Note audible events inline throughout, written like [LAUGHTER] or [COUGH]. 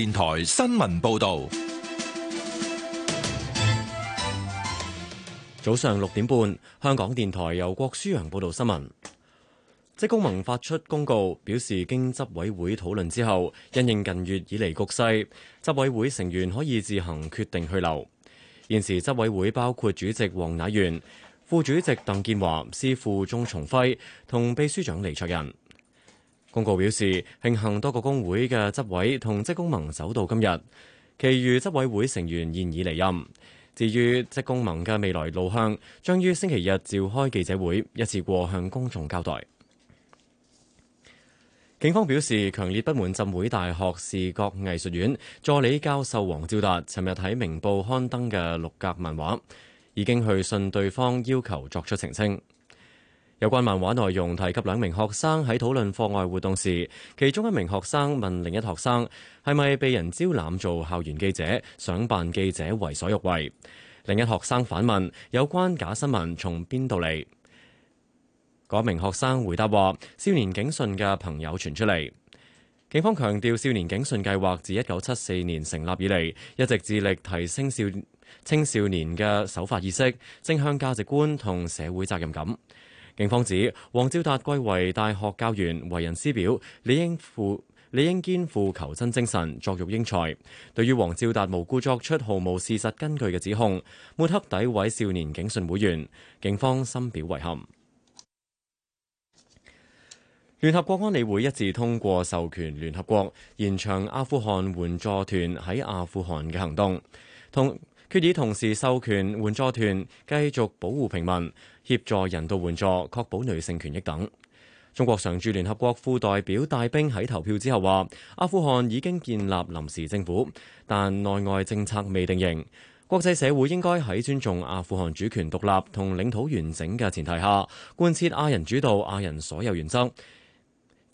電台新聞報道，早上六點半，香港電台由郭書陽報道新聞。職工盟發出公告，表示經執委會討論之後，因應近月以嚟局勢，執委會成員可以自行決定去留。現時執委會包括主席黃廼元、副主席鄧建華、司庫鍾崇輝同秘書長李卓人。公告表示，慶幸多個工會嘅執委同職工盟走到今日，其餘執委會成員現已離任。至於職工盟嘅未來路向，將於星期日召開記者會，一次過向公眾交代。警方表示，強烈不滿浸會大學視覺藝術院助理教授黃照達尋日喺《明報》刊登嘅六格漫畫，已經去信對方要求作出澄清。有關漫畫內容提及兩名學生喺討論課外活動時，其中一名學生問另一學生係咪被人招攬做校園記者，想扮記者為所欲為。另一學生反問，有關假新聞從邊度嚟？嗰名學生回答話：少年警訊嘅朋友傳出嚟。警方強調，少年警訊計劃自一九七四年成立以嚟，一直致力提升少青少年嘅守法意識、正向價值觀同社會責任感。警方指，黃昭達貴為大學教員，為人師表，理應負理應肩負求真精神，作育英才。對於黃昭達無故作出毫無事實根據嘅指控，抹黑詆毀少年警訊會員，警方深表遺憾。 [NOISE] 聯合國安理會一致通過授權聯合國延長阿富汗援助團喺阿富汗嘅行動。同決議同時授權援助團繼續保護平民、協助人道援助、確保女性權益等。中國常駐聯合國副代表戴兵喺投票之後話：阿富汗已經建立臨時政府，但內外政策未定型。國際社會應該喺尊重阿富汗主權獨立同領土完整嘅前提下，貫徹阿人主導、阿人所有原則。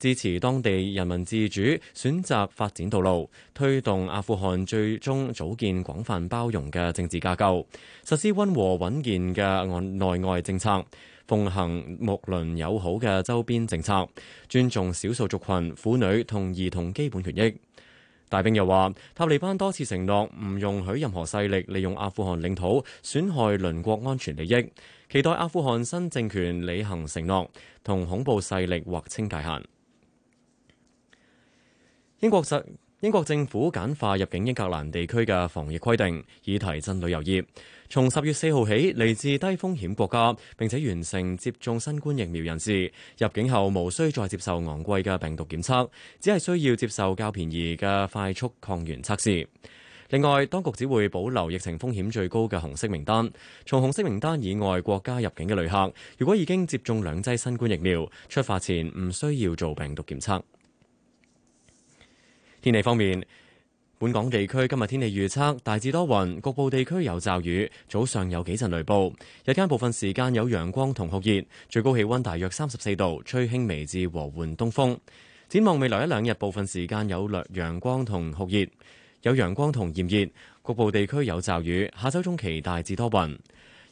支持當地人民自主選擇發展道路，推動阿富汗最終組建廣泛包容嘅政治架構，實施温和穩健嘅內外政策，奉行睦鄰友好嘅周邊政策，尊重少數族群、婦女同兒童基本權益。大兵又話：塔利班多次承諾唔容許任何勢力利用阿富汗領土損害鄰國安全利益，期待阿富汗新政權履行承諾，同恐怖勢力劃清界限。英國政英國政府簡化入境英格蘭地區嘅防疫規定，以提振旅遊業。從十月四號起，嚟自低風險國家並且完成接種新冠疫苗人士入境後，無需再接受昂貴嘅病毒檢測，只係需要接受較便宜嘅快速抗原測試。另外，當局只會保留疫情風險最高嘅紅色名單。從紅色名單以外國家入境嘅旅客，如果已經接種兩劑新冠疫苗，出發前唔需要做病毒檢測。天氣方面，本港地區今日天氣預測，大致多雲，局部地區有驟雨，早上有幾陣雷暴，日間部分時間有陽光同酷熱，最高氣温大約三十四度，吹輕微至和緩東風。展望未來一兩日，部分時間有略陽光同酷熱，有陽光同炎熱，局部地區有驟雨。下周中期大致多雲。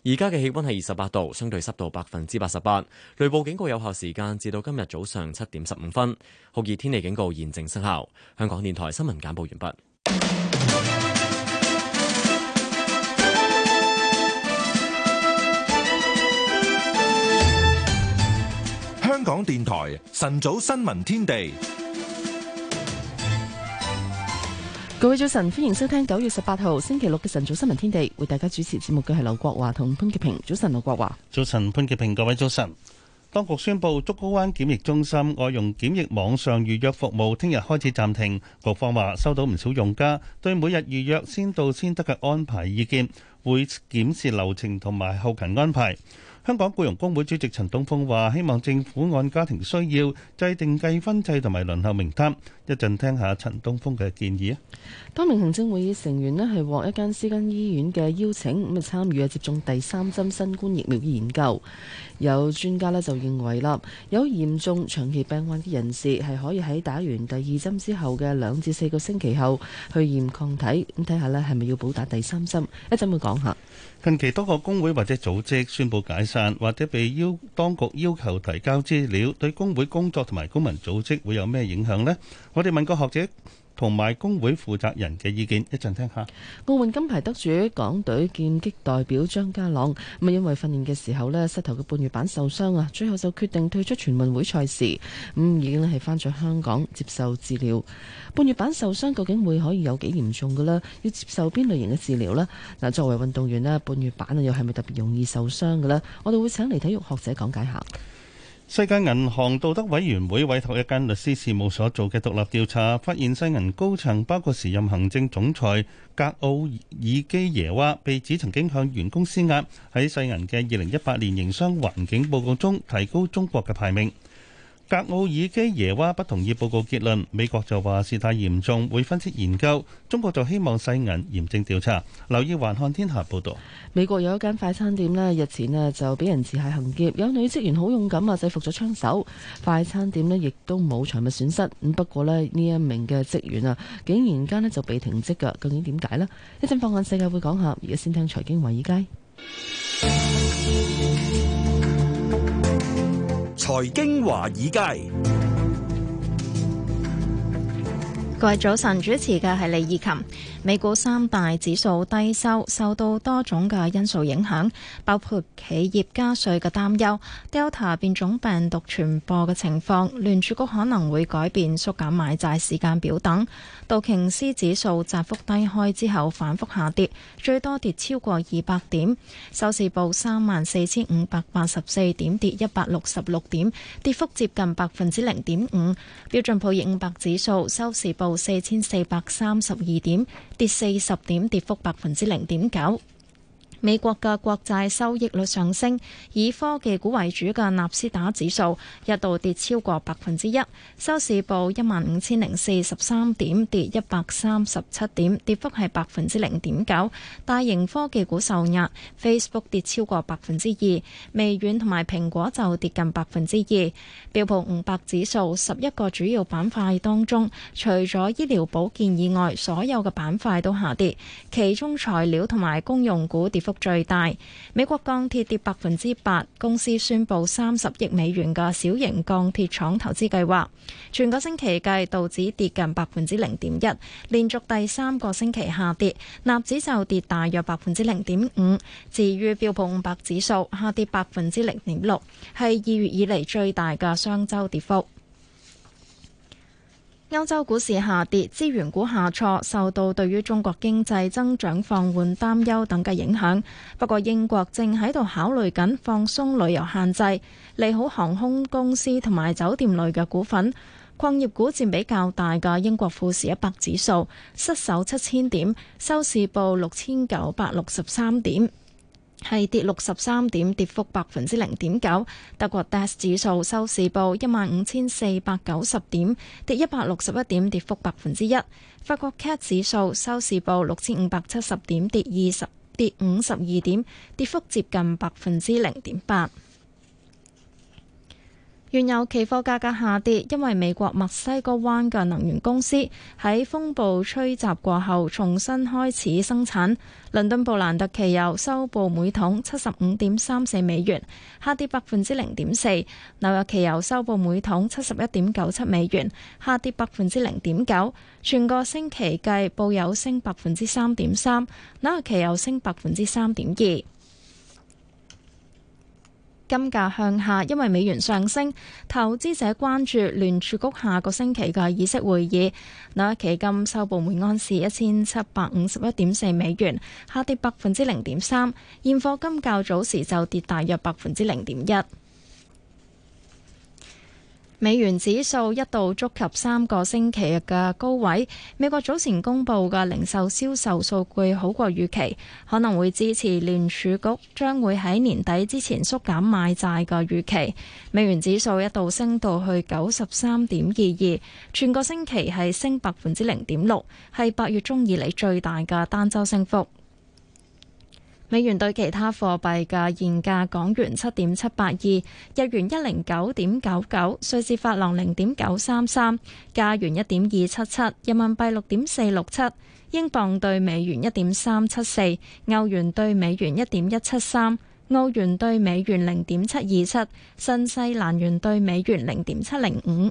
而家嘅氣溫係二十八度，相對濕度百分之八十八。雷暴警告有效時間至到今日早上七點十五分，酷熱天氣警告現正生效。香港電台新聞簡報完畢。香港電台晨早新聞天地。各位早晨，歡迎收聽九月十八號星期六嘅晨早新聞天地，為大家主持節目嘅係劉國華同潘潔平。早晨，劉國華。早晨，潘潔平。各位早晨。當局宣佈竹篙灣檢疫中心外傭檢疫網上預約服務聽日開始暫停。局方話收到唔少用家對每日預約先到先得嘅安排意見，會檢視流程同埋後勤安排。香港雇傭工會主席陳東峰話：，希望政府按家庭需要制定計分制同埋輪候名單。一陣聽下陳東峰嘅建議啊！多名行政會議成員呢係獲一間私家醫院嘅邀請咁啊參與啊接種第三針新冠疫苗嘅研究。有專家呢就認為啦，有嚴重長期病患嘅人士係可以喺打完第二針之後嘅兩至四個星期後去驗抗體咁睇下呢係咪要補打第三針。一陣會講下。近期多個工會或者組織宣布解散，或者被要當局要求提交資料，對工會工作同埋公民組織會有咩影響呢？我哋問過學者。同埋工會負責人嘅意見，一陣聽下。奧運金牌得主、港隊劍擊代表張家朗，咁啊因為訓練嘅時候咧，膝頭嘅半月板受傷啊，最後就決定退出全運會賽事。咁已經係翻咗香港接受治療。半月板受傷究竟會可以有幾嚴重噶咧？要接受邊類型嘅治療呢？嗱，作為運動員咧，半月板又係咪特別容易受傷噶咧？我哋會請嚟體育學者講解下。世界銀行道德委員會委託一間律師事務所做嘅獨立調查，發現世銀高層包括時任行政總裁格奧爾基耶娃被指曾經向員工施壓，喺世銀嘅二零一八年營商環境報告中提高中國嘅排名。格奧爾基耶娃不同意報告結論，美國就話事態嚴重，會分析研究。中國就希望世銀嚴正調查。留意環看天下報道。美國有一間快餐店咧，日前啊就俾人持械行劫，有女職員好勇敢啊制服咗槍手，快餐店咧亦都冇財物損失。咁不過咧呢一名嘅職員啊，竟然間咧就被停職噶，究竟點解咧？一陣放眼世界會講下，而家先聽財經華爾街。財經華爾街，各位早晨，主持嘅係李綺琴。美股三大指數低收，受到多種嘅因素影響，包括企業加稅嘅擔憂、Delta 變種病毒傳播嘅情況、聯儲局可能會改變縮減買債時間表等。道瓊斯指數窄幅低開之後反覆下跌，最多跌超過二百點，收市報三萬四千五百八十四點，跌一百六十六點，跌幅接近百分之零點五。標準普爾五百指數收市報四千四百三十二點。跌四十點，跌幅百分之零點九。美國嘅國債收益率上升，以科技股為主嘅納斯達克指數一度跌超過百分之一，收市報一萬五千零四十三點，跌一百三十七點，跌幅係百分之零點九。大型科技股受壓，Facebook 跌超過百分之二，微軟同埋蘋果就跌近百分之二。標普五百指數十一個主要板塊當中，除咗醫療保健以外，所有嘅板塊都下跌，其中材料同埋公用股跌幅。最大美國鋼鐵跌百分之八，公司宣布三十億美元嘅小型鋼鐵廠投資計劃。全個星期計，道指跌近百分之零點一，連續第三個星期下跌。納指就跌大約百分之零點五，至於標普五百指數下跌百分之零點六，係二月以嚟最大嘅雙周跌幅。歐洲股市下跌，資源股下挫，受到對於中國經濟增長放緩擔憂等嘅影響。不過英國正喺度考慮緊放鬆旅遊限制，利好航空公司同埋酒店類嘅股份。礦業股佔比較大嘅英國富時一百指數失守七千點，收市報六千九百六十三點。係跌六十三點，跌幅百分之零點九。德國 DAX 指數收市報一萬五千四百九十點，跌一百六十一點，跌幅百分之一。法國 CAC 指數收市報六千五百七十點，跌二十跌五十二點，跌幅接近百分之零點八。原油期貨價格下跌，因為美國墨西哥灣嘅能源公司喺風暴吹襲過後重新開始生產。倫敦布蘭特期油收報每桶七十五點三四美元，下跌百分之零點四；紐約期油收報每桶七十一點九七美元，下跌百分之零點九。全個星期計，布油有升百分之三點三，紐約期油升百分之三點二。金價向下，因為美元上升。投資者關注聯儲局下個星期嘅議息會議。紐約期金收報每安士一千七百五十一點四美元，下跌百分之零點三。現貨金較早時就跌大約百分之零點一。美元指數一度觸及三個星期日嘅高位。美國早前公布嘅零售銷售數據好過預期，可能會支持聯儲局將會喺年底之前縮減買債嘅預期。美元指數一度升到去九十三點二二，全個星期係升百分之零點六，係八月中以嚟最大嘅單周升幅。美元對其他貨幣嘅現價：港元七點七八二，日元一零九點九九，瑞士法郎零點九三三，加元一點二七七，人民幣六點四六七，英鎊對美元一點三七四，歐元對美元一點一七三，澳元對美元零點七二七，新西蘭元對美元零點七零五。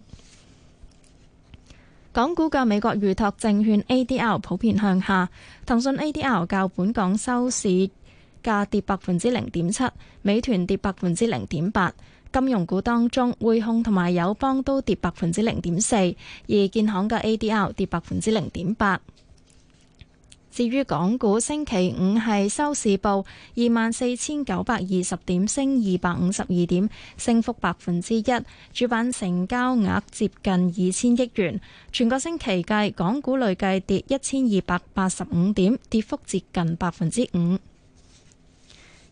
港股嘅美國預託證券 ADR 普遍向下，騰訊 ADR 較本港收市。價跌百分之零點七，美團跌百分之零點八，金融股當中匯控同埋友邦都跌百分之零點四，而建行嘅 ADR 跌百分之零點八。至於港股星期五係收市報二萬四千九百二十點，升二百五十二點，升幅百分之一，主板成交額接近二千億元。全個星期計，港股累計跌一千二百八十五點，跌幅接近百分之五。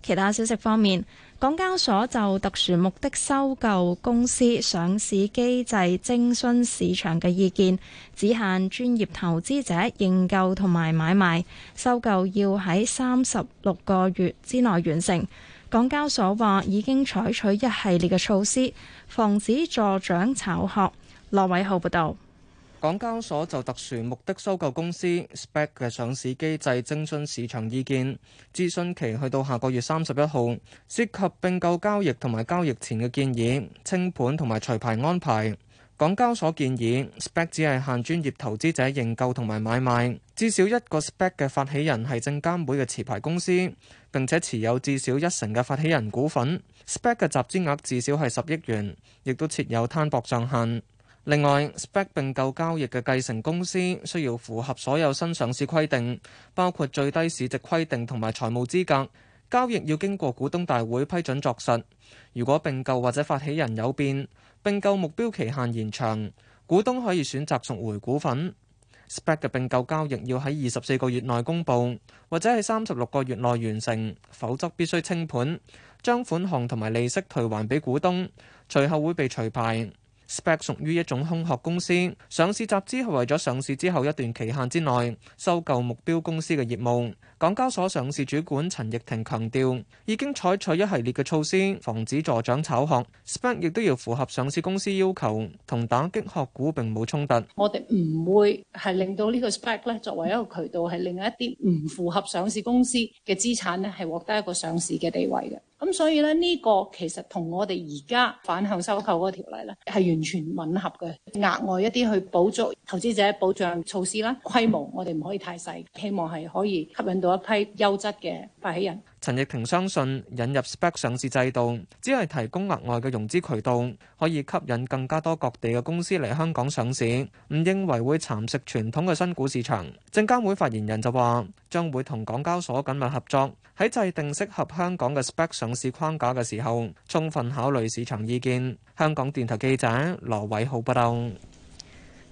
其他消息方面，港交所就特殊目的收購公司上市機制徵詢市場嘅意見，只限專業投資者認購同埋買賣，收購要喺三十六個月之內完成。港交所話已經採取一系列嘅措施，防止助長炒殼。羅偉浩報道。港交所就特殊目的收購公司 SPAC 嘅上市機制徵詢市場意見，諮詢期去到下個月三十一號，涉及並購交易同埋交易前嘅建議、清盤同埋除牌安排。港交所建議 SPAC 只係限專業投資者認購同埋買賣，至少一個 SPAC 嘅發起人係證監會嘅持牌公司，並且持有至少一成嘅發起人股份。SPAC 嘅集資額至少係十億元，亦都設有攤薄上限。另外，SPAC 併購交易嘅繼承公司需要符合所有新上市規定，包括最低市值規定同埋財務資格。交易要經過股東大會批准作實。如果併購或者發起人有變，併購目標期限延長，股東可以選擇贖回股份。SPAC 嘅併購交易要喺二十四個月內公布，或者喺三十六個月內完成，否則必須清盤，將款項同埋利息退還俾股東，隨後會被除牌。Spec 屬於一種空殼公司，上市集資係為咗上市之後一段期限之內收購目標公司嘅業務。港交所上市主管陳奕婷強調，已經採取一系列嘅措施，防止助長炒殼。SPAC 亦都要符合上市公司要求，同打擊殼股並冇衝突。我哋唔會係令到個呢個 SPAC 咧，作為一個渠道，係令一啲唔符合上市公司嘅資產咧，係獲得一個上市嘅地位嘅。咁所以咧，呢、呢個其實同我哋而家反向收購條例咧，係完全吻合嘅。額外一啲去補足投資者保障措施啦，規模我哋唔可以太細，希望係可以吸引到。一批優質嘅發起人，陳逸婷相信引入 Spec 上市制度，只係提供額外嘅融資渠道，可以吸引更加多各地嘅公司嚟香港上市。唔認為會蠶食傳統嘅新股市場。證監會發言人就話，將會同港交所緊密合作，喺制定適合香港嘅 Spec 上市框架嘅時候，充分考慮市場意見，香港電台記者羅偉浩報道。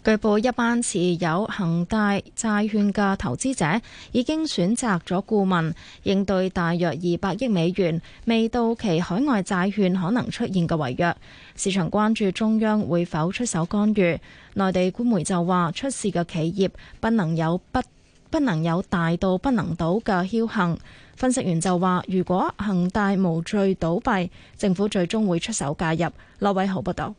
據報，一班持有恒大債券嘅投資者已經選擇咗顧問，應對大約二百億美元未到期海外債券可能出現嘅違約。市場關注中央會否出手干預。內地官媒就話，出事嘅企業不能有不不能有大到不能倒嘅僥倖。分析員就話，如果恒大無罪倒閉，政府最終會出手介入。劉偉豪報導。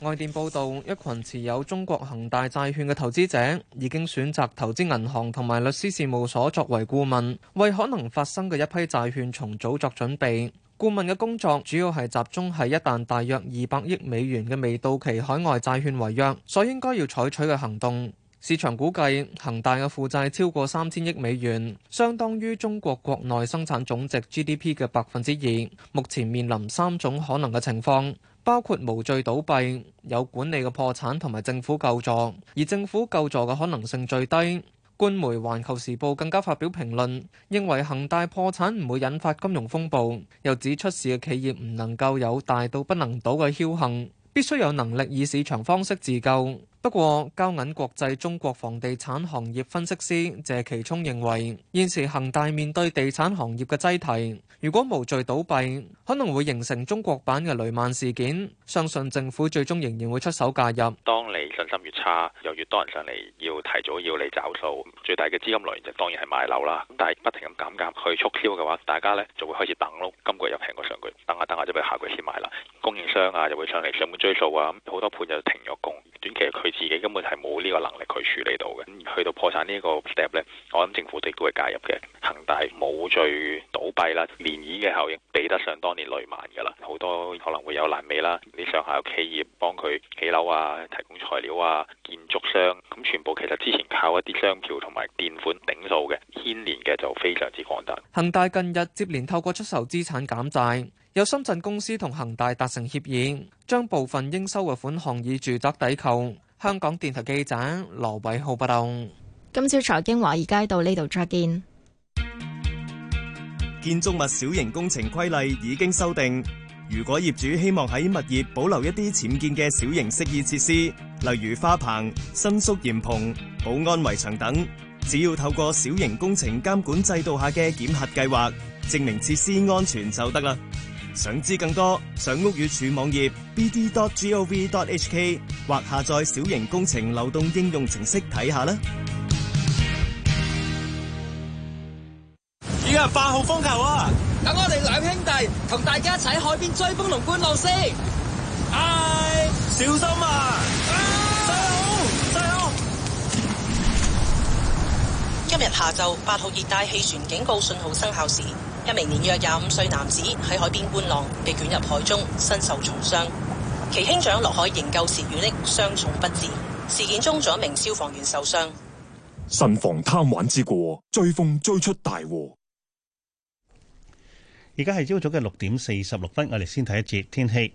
外電報道，一群持有中國恒大債券嘅投資者已經選擇投資銀行同埋律師事務所作為顧問，為可能發生嘅一批債券重組作準備。顧問嘅工作主要係集中喺一旦大約二百億美元嘅未到期海外債券違約，所以應該要採取嘅行動。市場估計恒大嘅負債超過三千億美元，相當於中國國內生產總值 GDP 嘅百分之二。目前面臨三種可能嘅情況。包括無罪倒閉、有管理嘅破產同埋政府救助，而政府救助嘅可能性最低。官媒《環球時報》更加發表評論，認為恒大破產唔會引發金融風暴，又指出事嘅企業唔能夠有大到不能倒嘅僥倖，必須有能力以市場方式自救。不過，交銀國際中國房地產行業分析師謝其聰認為，現時恒大面對地產行業嘅擠提，如果無罪倒閉，可能會形成中國版嘅雷曼事件，相信政府最終仍然會出手介入。當你信心越差，又越多人上嚟，要提早要你找數，最大嘅資金來源就是、當然係買樓啦。但係不停咁減價去促銷嘅話，大家呢就會開始等咯。今季入平過上季，等下等下就會下季先買啦。供應商啊就會上嚟上門追數啊，好多盤就停咗供，短期佢自己根本係冇呢個能力去處理到嘅，去到破產呢個 step 呢，我諗政府都係會介入嘅。恒大冇最倒閉啦，漣漪嘅效應比得上當。連累慢噶啦，好多可能會有爛尾啦。你上下游企業幫佢起樓啊，提供材料啊，建築商咁全部其實之前靠一啲商票同埋墊款頂數嘅牽連嘅就非常之廣大。恒大近日接連透過出售資產減債，有深圳公司同恒大達成協議，將部分應收嘅款項以住宅抵扣。香港電台記者羅偉浩報道。今朝財經華爾街到呢度再見。建築物小型工程規例已經修訂，如果業主希望喺物業保留一啲僭建嘅小型適意設施，例如花棚、伸縮檐篷、保安圍牆等，只要透過小型工程監管制度下嘅檢核計劃，證明設施安全就得啦。想知更多，上屋宇署網頁 bd.gov.hk 或下載小型工程流動應用程式睇下啦。今日八號風球啊！等我哋兩兄弟同大家一齊喺海邊追風龍觀浪先。係、哎、小心啊！哎、啊今日下晝八號熱帶氣旋警告信號生效時，一名年約廿五歲男子喺海邊觀浪，被捲入海中，身受重傷。其兄長落海營救時力，遇溺傷重不治。事件中，仲有一名消防員受傷。慎防貪玩之過，追風追出大禍。而家係朝早嘅六點四十六分，我哋先睇一節天氣。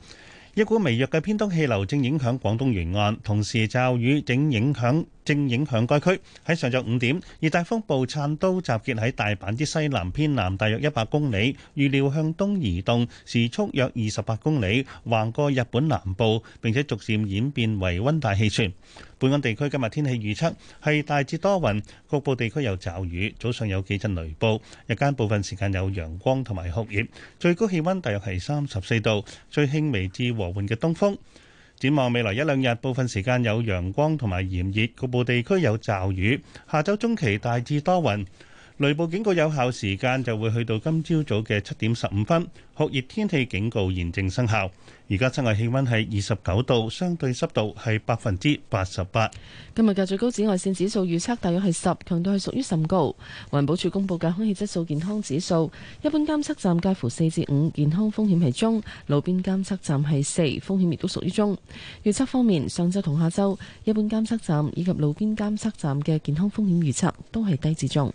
一股微弱嘅偏東氣流正影響廣東沿岸，同時驟雨正影響。正影響該區喺上晝五點，熱帶風暴燦都集結喺大阪之西南偏南大約一百公里，預料向東移動，時速約二十八公里，橫過日本南部，並且逐漸演變為溫帶氣旋。本港地區今日天氣預測係大致多雲，局部地區有驟雨，早上有幾陣雷暴，日間部分時間有陽光同埋酷熱，最高氣温大約係三十四度，最輕微至和緩嘅東風。展望未來一兩日，部分時間有陽光同埋炎熱，局部地區有驟雨。下週中期大致多雲，雷暴警告有效時間就會去到今朝早嘅七點十五分，酷熱天氣警告現正生效。而家室外氣溫係二十九度，相對濕度係百分之八十八。今日嘅最高紫外線指數預測大約係十，強度係屬於甚高。環保署公布嘅空氣質素健康指數，一般監測站介乎四至五，健康風險係中；路邊監測站係四，風險亦都屬於中。預測方面，上周同下周，一般監測站以及路邊監測站嘅健康風險預測都係低至中。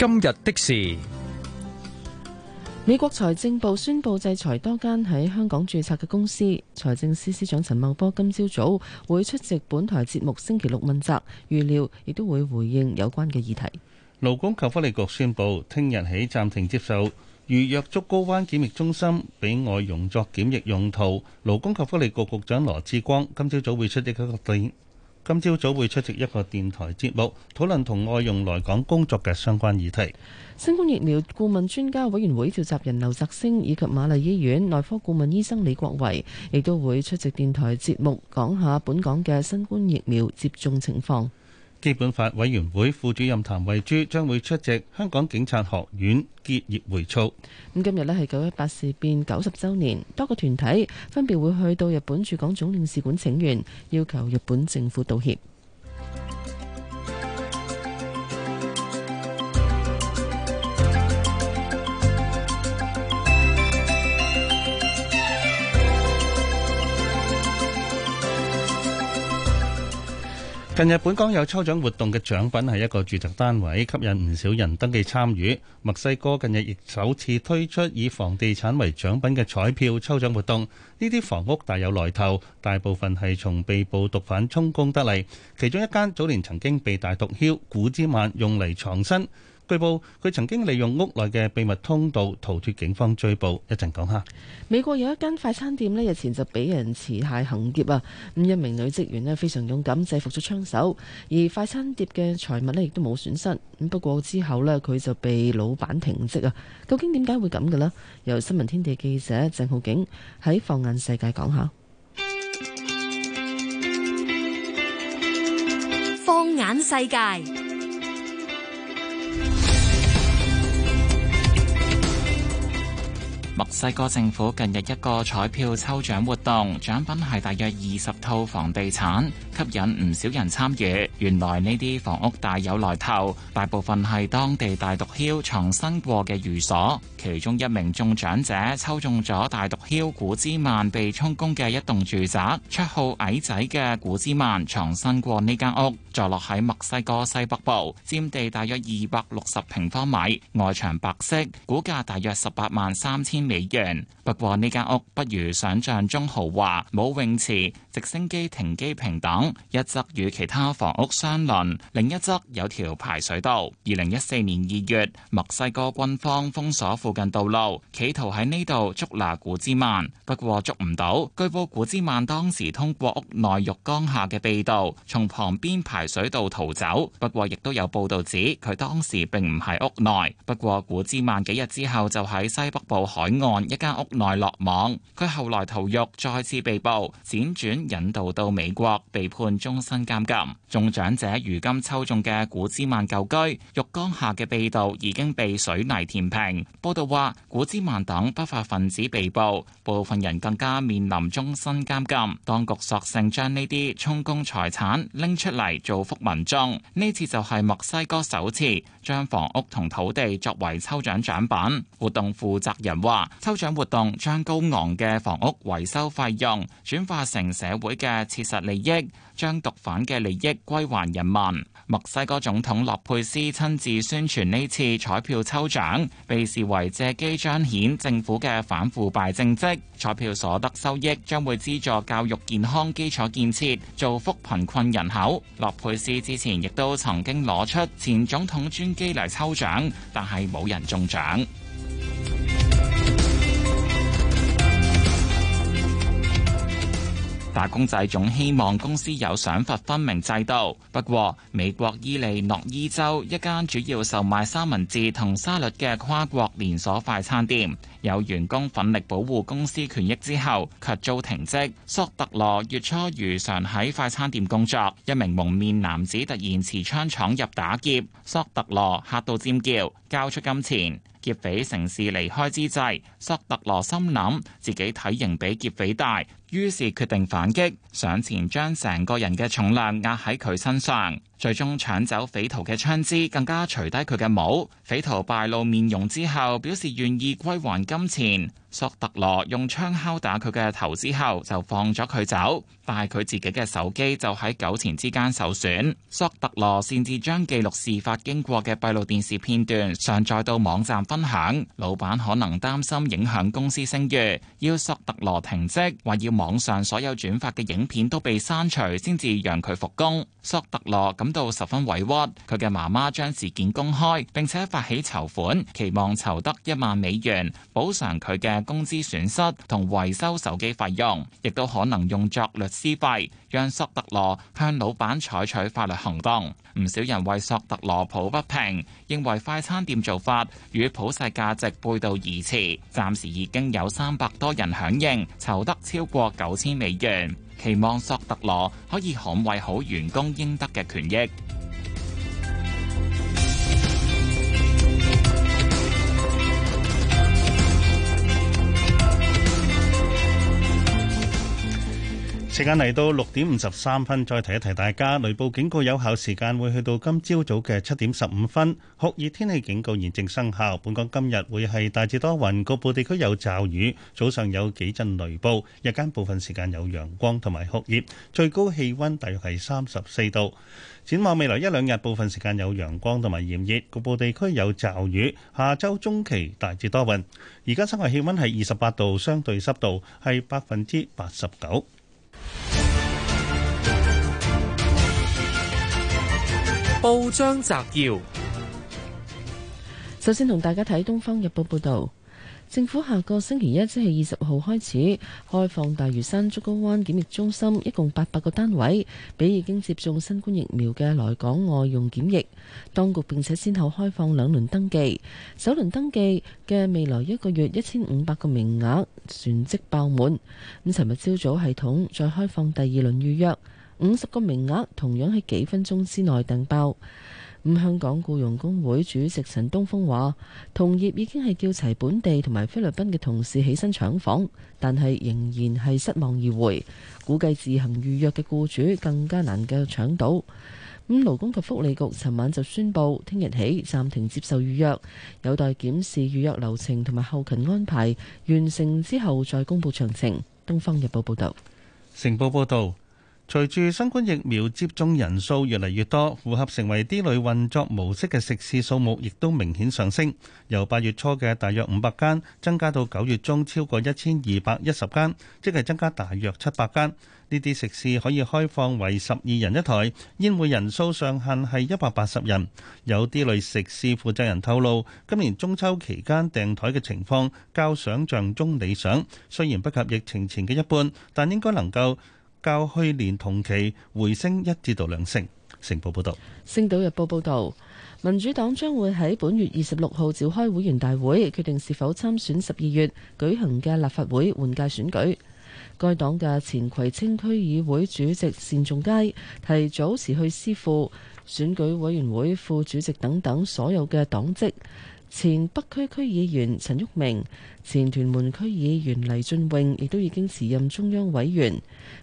今日的事。美國財政部宣布制裁多間喺香港注冊嘅公司。財政司司長陳茂波今朝早，早會出席本台節目星期六問責，預料亦都會回應有關嘅議題。勞工及福利局宣布，聽日起暫停接受預約竹篙灣檢疫中心俾外傭作檢疫用途。勞工及福利局局，局長羅志光今朝早會出席一個電今朝早會出席一個電台節目，討論同外傭來港工作嘅相關議題。新冠疫苗顧問專家委員會召集人劉澤星，以及瑪麗醫院內科顧問醫生李國維亦都會出席電台節目，講下本港嘅新冠疫苗接種情況。基本法委員會副主任譚惠珠將會出席香港警察學院結業會操。咁今日呢，係九一八事變九十周年，多個團體分別會去到日本駐港總領事館請願，要求日本政府道歉。近日本港有抽獎活動嘅獎品係一個住宅單位，吸引唔少人登記參與。墨西哥近日亦首次推出以房地產為獎品嘅彩票抽獎活動。呢啲房屋大有來頭，大部分係從被捕毒販充公得嚟，其中一間早年曾經被大毒梟古茲曼用嚟藏身。據報，佢曾經利用屋內嘅秘密通道逃脫警方追捕。一陣講下。美國有一間快餐店呢，日前就俾人持械行劫啊！咁一名女職員呢，非常勇敢制服咗槍手，而快餐店嘅財物呢亦都冇損失。咁不過之後呢，佢就被老闆停職啊！究竟點解會咁嘅呢？由新聞天地記者鄭浩景喺放眼世界講下。放眼世界。墨西哥政府近日一個彩票抽獎活動，獎品係大約二十套房地產，吸引唔少人參與，原來呢啲房屋大有來頭，大部分係當地大毒梟藏身過嘅寓所。其中一名中獎者抽中咗大毒梟古茲曼被充公嘅一棟住宅。綽號矮仔嘅古茲曼藏身過呢間屋，坐落喺墨西哥西北部，佔地大約二百六十平方米，外牆白色，股價大約十八萬三千。美元。不過呢間屋不如想象中豪華，冇泳池。直升機停機坪等一側與其他房屋相鄰，另一側有條排水道。二零一四年二月，墨西哥軍方封鎖附近道路，企圖喺呢度捉拿古茲曼，不過捉唔到。據報古茲曼當時通過屋內浴缸下嘅秘道，從旁邊排水道逃走。不過亦都有報道指佢當時並唔喺屋內。不過古茲曼幾日之後就喺西北部海岸一間屋內落網。佢後來逃獄，再次被捕，輾轉，引渡到美國被判終身監禁。中獎者如今抽中嘅古茲曼舊居，浴缸下嘅秘道已經被水泥填平。報道話，古茲曼等不法分子被捕，部分人更加面臨終身監禁。當局索性將呢啲充公財產拎出嚟造福民眾。呢次就係墨西哥首次將房屋同土地作為抽獎獎品。活動負責人話：抽獎活動將高昂嘅房屋維修費用轉化成社會嘅切實利益。將毒販嘅利益歸還人民。墨西哥總統洛佩斯親自宣傳呢次彩票抽獎，被視為借機彰顯政府嘅反腐敗政績。彩票所得收益將會資助教育、健康基礎建設，造福貧困人口。洛佩斯之前亦都曾經攞出前總統專機嚟抽獎，但係冇人中獎。打工仔總希望公司有賞罰分明制度。不過，美國伊利諾伊州一間主要售賣三文治同沙律嘅跨國連鎖快餐店，有員工奮力保護公司權益之後，卻遭停職。索特羅月初如常喺快餐店工作，一名蒙面男子突然持槍闖入打劫，索特羅嚇到尖叫，交出金錢。劫匪成功離開之際，索特羅心諗自己體型比劫匪大，於是決定反擊，上前將成個人嘅重量壓喺佢身上。最終搶走匪徒嘅槍支，更加除低佢嘅帽。匪徒敗露面容之後，表示願意歸還金錢。索特羅用槍敲打佢嘅頭之後，就放咗佢走，但係佢自己嘅手機就喺糾纏之間受損。索特羅擅自將記錄事發經過嘅閉路電視片段上載到網站分享。老闆可能擔心影響公司聲譽，要索特羅停職，話要網上所有轉發嘅影片都被刪除，先至讓佢復工。索特羅感到十分委屈，佢嘅媽媽將事件公開，並且發起籌款，期望籌得一萬美元補償佢嘅工資損失同維修手機費用，亦都可能用作律師費，讓索特羅向老闆採取法律行動。唔少人為索特羅抱不平，認為快餐店做法與普世價值背道而馳。暫時已經有三百多人響應，籌得超過九千美元，期望索特羅可以捍衛好員工應得嘅權益。時間嚟到六點五十三分，再提一提大家，雷暴警告有效時間會去到今朝早嘅七點十五分。酷熱天氣警告現正生效。本港今日會係大致多雲，局部地區有驟雨，早上有幾陣雷暴，日間部分時間有陽光同埋酷熱，最高氣溫大約係三十四度。展望未來一兩日，部分時間有陽光同埋炎熱，局部地區有驟雨。下周中期大致多雲。而家室外氣溫係二十八度，相對濕度係百分之八十九。報章摘要，首先同大家睇《東方日報》報道，政府下個星期一即係二十號開始開放大嶼山竹篙灣檢疫中心，一共八百個單位，俾已經接種新冠疫苗嘅來港外傭檢疫。當局並且先後開放兩輪登記，首輪登記嘅未來一個月一千五百個名額瞬即爆滿。咁，尋日朝早系統再開放第二輪預約。五十個名額同樣喺幾分鐘之內訂爆。咁香港僱傭工會主席陳東峰話，同業已經係叫齊本地同埋菲律賓嘅同事起身搶房，但係仍然係失望而回。估計自行預約嘅僱主更加難夠搶到。咁勞工及福利局尋晚就宣布，聽日起暫停接受預約，有待檢視預約流程同埋後勤安排完成之後再公布詳情。東方日報報道，成報報道。隨住新冠疫苗接種人數越嚟越多，符合成為 D 類運作模式嘅食肆數目亦都明顯上升，由八月初嘅大約五百間增加到九月中超過一千二百一十間，即係增加大約七百間。呢啲食肆可以開放為十二人一台，宴會人數上限係一百八十人。有 D 類食肆負責人透露，今年中秋期間訂枱嘅情況較想像中理想，雖然不及疫情前嘅一半，但應該能夠。較去年同期回升一至到兩成。成報報道，《星島日報》報道，民主黨將會喺本月二十六號召開會員大會，決定是否參選十二月舉行嘅立法會換屆選舉。該黨嘅前葵青區議會主席單仲佳提早辭去司庫、選舉委員會副主席等等所有嘅黨職。前北區區議員陳旭明、前屯門區議員黎俊榮亦都已經辭任中央委員。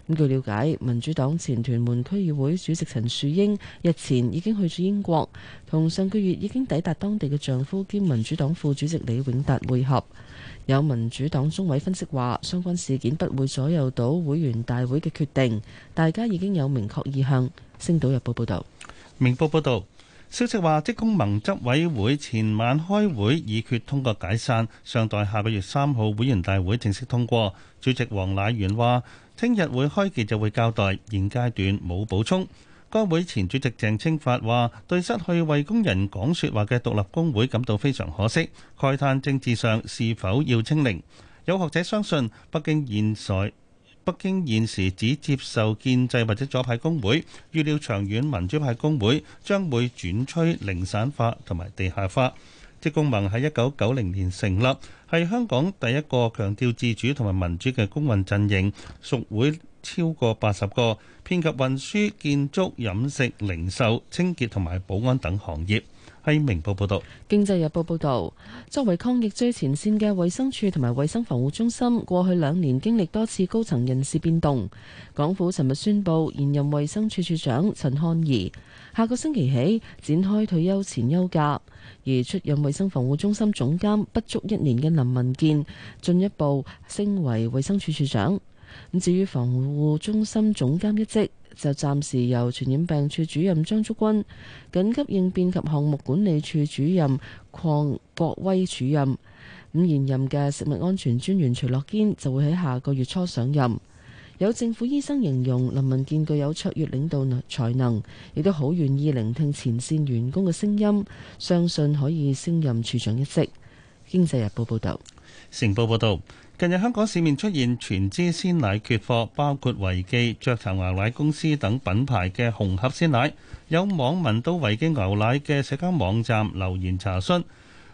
咁據瞭解，民主黨前屯門區議會主席陳樹英日前已經去咗英國，同上個月已經抵達當地嘅丈夫兼民主黨副主席李永達會合。有民主黨中委分析話，相關事件不會左右到會員大會嘅決定，大家已經有明確意向。星島日報報道。明報報道。消息話，職工盟執委會前晚開會已決通過解散，尚待下個月三號會員大會正式通過。主席黃乃元話，聽日會開記者會交代，現階段冇補充。該會前主席鄭清發話，對失去為工人講説話嘅獨立工會感到非常可惜，慨嘆政治上是否要清零。有學者相信北京現在，北京現時只接受建制或者左派工會，預料長遠民主派工會將會轉趨零散化同埋地下化。職工盟喺1990年成立，係香港第一個強調自主同埋民主嘅工運陣營，屬會超過係《明報》報道，《經濟日報》報導，作為抗疫最前線嘅衛生署同埋衛生防護中心，過去兩年經歷多次高層人事變動。港府尋日宣布，現任衛生署署長陳漢儀下個星期起展開退休前休假，而出任衛生防護中心總監不足一年嘅林文健進一步升為衛生署署長。咁至於防護中心總監一職，就暫時由傳染病處主任張竹君、緊急應變及項目管理處主任鄺國威主任，咁現任嘅食物安全專員徐樂堅就會喺下個月初上任。有政府醫生形容林文健具有卓越領導才能，亦都好願意聆聽前線員工嘅聲音，相信可以升任處長一職。經濟日報報道。成報報導。近日香港市面出現全脂鮮奶缺貨，包括維記、雀巢牛奶公司等品牌嘅紅盒鮮奶。有網民都維記牛奶嘅社交網站留言查詢，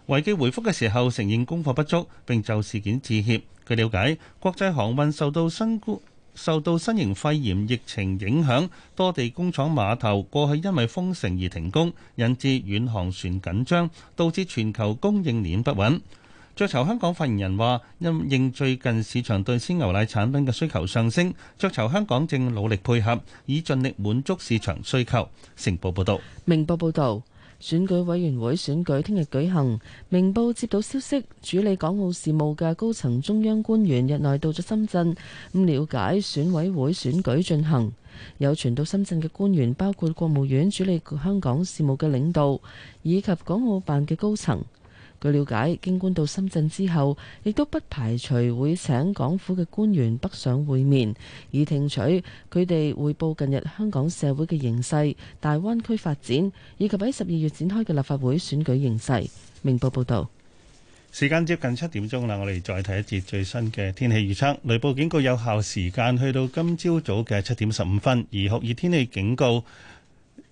維記回覆嘅時候承認供貨不足，並就事件致歉。據了解，國際航運受到新冠受到新型肺炎疫情影響，多地工廠碼頭過去因為封城而停工，引致遠航船緊張，導致全球供應鏈不穩。雀巢香港發言人話：因應最近市場對鮮牛奶產品嘅需求上升，雀巢香港正努力配合，以盡力滿足市場需求。成報報導，明報報導，選舉委員會選舉聽日舉行。明報接到消息，主理港澳事務嘅高層中央官員日內到咗深圳，咁了解選委會選舉進行。有傳到深圳嘅官員包括國務院主理香港事務嘅領導，以及港澳辦嘅高層。據了解，京官到深圳之後亦都不排除會請港府嘅官員北上會面，以聽取佢哋匯報近日香港社會嘅形勢、大灣區發展以及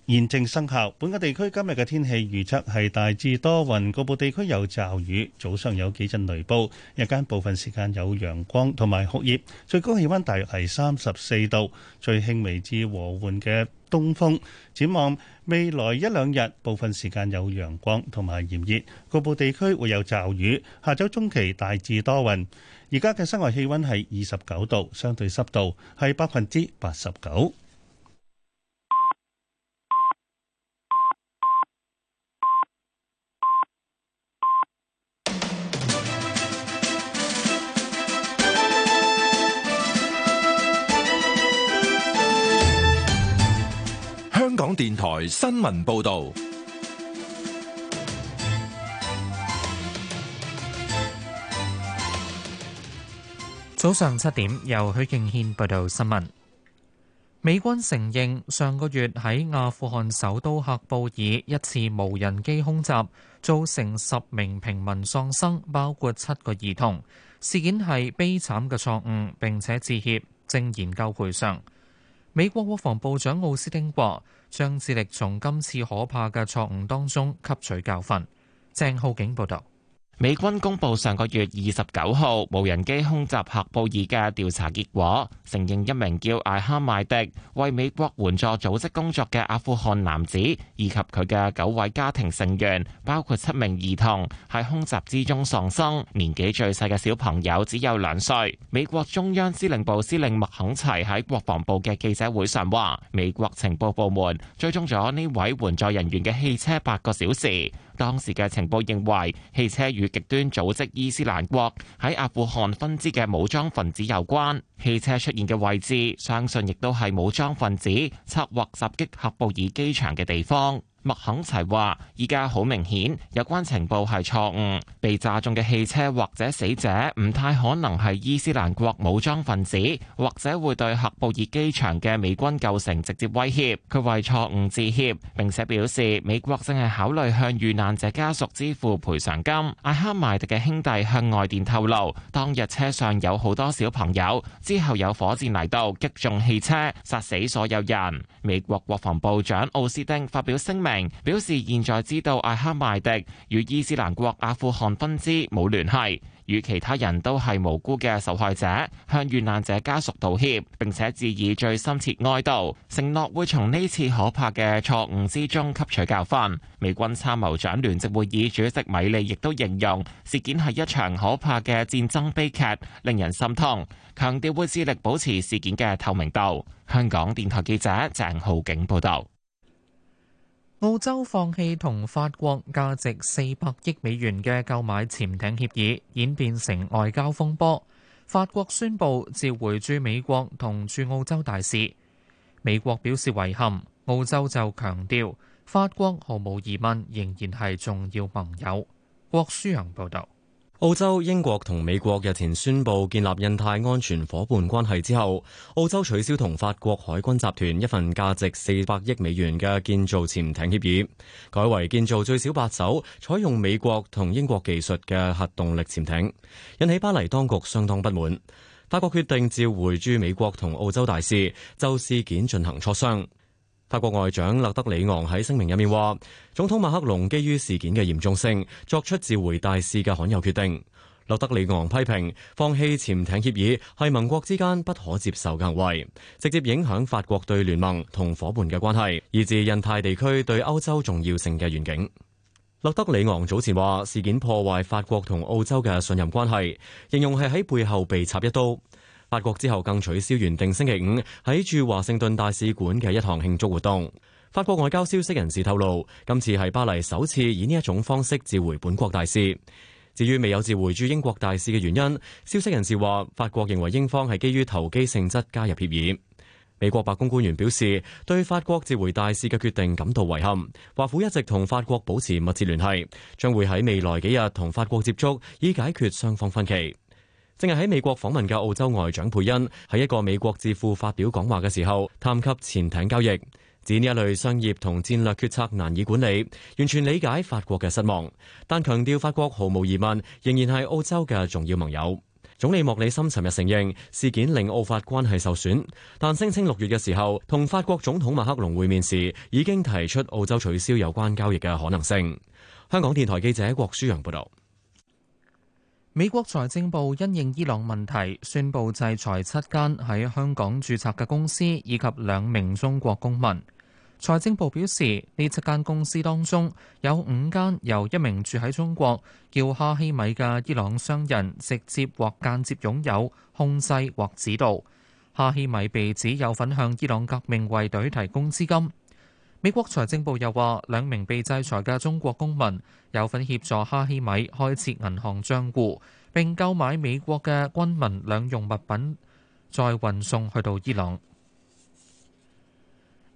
現正生效。本港地區今日嘅天氣預測係大致多雲，局部地區有驟雨，早上有幾陣雷暴，日間部分時間有陽光同埋酷熱，最高氣溫大約係三十四度，最輕微至和緩嘅東風。展望未來一兩日，部分時間有陽光同埋炎熱，局部地區會有驟雨，下週中期大致多雲。而家嘅室外氣溫係二十九度，相對濕度係百分之八十九。香港電台新聞報道，早上七點由許敬軒報道新聞。美軍承認上個月喺阿富汗首都喀布爾一次無人機空襲，造成十名平民喪生，包括七個兒童。事件係悲慘嘅錯誤，並且致歉，正研究賠償。美國國防部長奧斯汀話。將致力從今次可怕嘅錯誤當中吸取教訓。鄭浩景報道。美軍公布上個月二十九號無人機空襲喀布爾嘅調查結果，承認一名叫艾哈邁迪為美國援助組織工作嘅阿富汗男子，以及佢嘅九位家庭成員，包括七名兒童喺空襲之中喪生，年紀最細嘅小朋友只有兩歲。美國中央司令部司令麥肯齊喺國防部嘅記者會上話，美國情報部門追蹤咗呢位援助人員嘅汽車八個小時，當時嘅情報認為汽車與極端組織伊斯蘭國喺阿富汗分支嘅武裝分子有關，汽車出現嘅位置，相信亦都係武裝分子策劃襲擊喀布爾機場嘅地方。麥肯齊話：依家好明顯，有關情報係錯誤。被炸中嘅汽車或者死者唔太可能係伊斯蘭國武裝分子，或者會對喀布爾機場嘅美軍構成直接威脅。佢為錯誤致歉，並且表示美國正係考慮向遇難者家屬支付賠償金。艾哈邁迪嘅兄弟向外電透露，當日車上有好多小朋友，之後有火箭嚟到擊中汽車，殺死所有人。美國國防部長奧斯丁發表聲明。表示現在知道艾哈邁迪與伊斯蘭國阿富汗分支冇聯繫，與其他人都係無辜嘅受害者，向遇難者家屬道歉，並且致以最深切哀悼，承諾會從呢次可怕嘅錯誤之中吸取教訓，美軍參謀長聯席會議主席米利亦都形容事件係一場可怕嘅戰爭悲劇，令人心痛，強調會致力保持事件嘅透明度。香港電台記者鄭浩景報道。澳洲放棄同法國價值四百億美元嘅購買潛艇協議，演變成外交風波。法國宣布召回駐美國同駐澳洲大使。美國表示遺憾，澳洲就強調法國毫無疑問仍然係重要盟友。郭舒陽報導。澳洲、英國同美國日前宣布建立印太安全伙伴關係之後，澳洲取消同法國海軍集團一份價值四百億美元嘅建造潛艇協議，改為建造最少八艘採用美國同英國技術嘅核動力潛艇，引起巴黎當局相當不滿。法國決定召回駐美國同澳洲大使，就事件進行磋商。法國外長勒德里昂喺聲明入面話，總統馬克龍基於事件嘅嚴重性，作出召回大使嘅罕有決定。勒德里昂批評放棄潛艇協議係盟國之間不可接受嘅行為，直接影響法國對聯盟同伙伴嘅關係，以至印太地區對歐洲重要性嘅願景。勒德里昂早前話，事件破壞法國同澳洲嘅信任關係，形容係喺背後被插一刀。法國之後更取消原定星期五喺駐華盛頓大使館嘅一堂慶祝活動。法國外交消息人士透露，今次係巴黎首次以呢一種方式召回本國大使。至於未有召回駐英國大使嘅原因，消息人士話法國認為英方係基於投機性質加入協議。美國白宮官員表示，對法國召回大使嘅決定感到遺憾。華府一直同法國保持密切聯繫，將會喺未來幾日同法國接觸，以解決雙方分歧。正係喺美國訪問嘅澳洲外長佩恩喺一個美國智庫發表講話嘅時候，談及潛艇交易，指呢一類商業同戰略決策難以管理，完全理解法國嘅失望，但強調法國毫無疑問仍然係澳洲嘅重要盟友。總理莫里森尋日承認事件令澳法關係受損，但聲稱六月嘅時候同法國總統馬克龍會面時，已經提出澳洲取消有關交易嘅可能性。香港電台記者郭舒陽報道。美國財政部因應伊朗問題，宣布制裁七間喺香港註冊嘅公司以及兩名中國公民，財政部表示，呢七間公司當中有五間由一名住喺中國叫哈希米嘅伊朗商人直接或間接擁有、控制或指導。哈希米被指有份向伊朗革命衛隊提供資金。美國財政部又話，兩名被制裁嘅中國公民有份協助哈希米開設銀行賬戶，並購買美國嘅軍民兩用物品，再運送去到伊朗。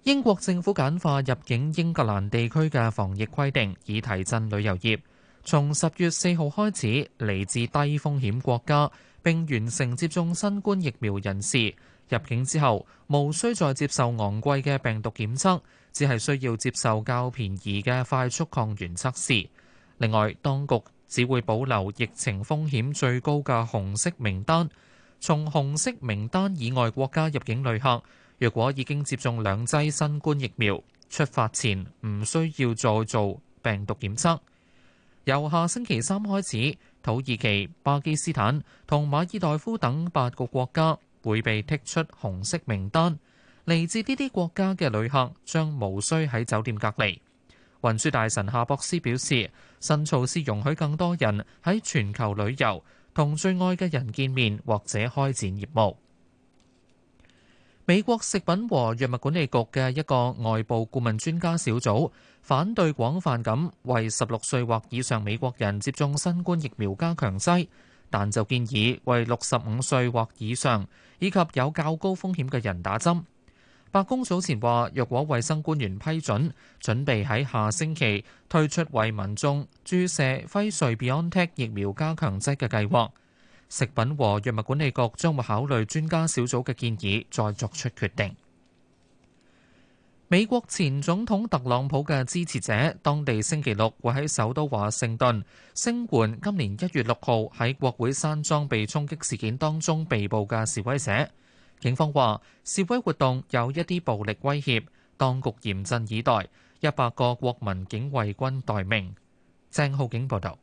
英國政府簡化入境英格蘭地區嘅防疫規定，以提振旅遊業。從十月四號開始，嚟自低風險國家並完成接種新冠疫苗人士入境之後，無需再接受昂貴嘅病毒檢測。只係需要接受較便宜嘅快速抗原測試。另外，當局只會保留疫情風險最高嘅紅色名單。從紅色名單以外國家入境旅客，若果已經接種兩劑新冠疫苗，出發前唔需要再做病毒檢測。由下星期三開始，土耳其、巴基斯坦同馬爾代夫等八個國家會被剔出紅色名單。嚟自呢啲國家嘅旅客將無需喺酒店隔離。運輸大臣夏博斯表示，新措施容許更多人喺全球旅遊、同最愛嘅人見面或者開展業務。美國食品和藥物管理局嘅一個外部顧問專家小組反對廣泛咁為十六歲或以上美國人接種新冠疫苗加強劑，但就建議為六十五歲或以上以及有較高風險嘅人打針。白宮早前話，若果衞生官員批准，準備喺下星期推出為民眾注射輝瑞，瑞 BioNTech 疫苗加強劑嘅計劃。食品和藥物管理局將會考慮專家小組嘅建議，再作出決定。美國前總統特朗普嘅支持者，當地星期六會喺首都華盛頓聲援今年一月六號喺國會山莊被衝擊事件當中被捕嘅示威者。警方話：示威活動有一啲暴力威脅，當局嚴陣以待，一百個國民警衛軍待命。鄭浩景報道。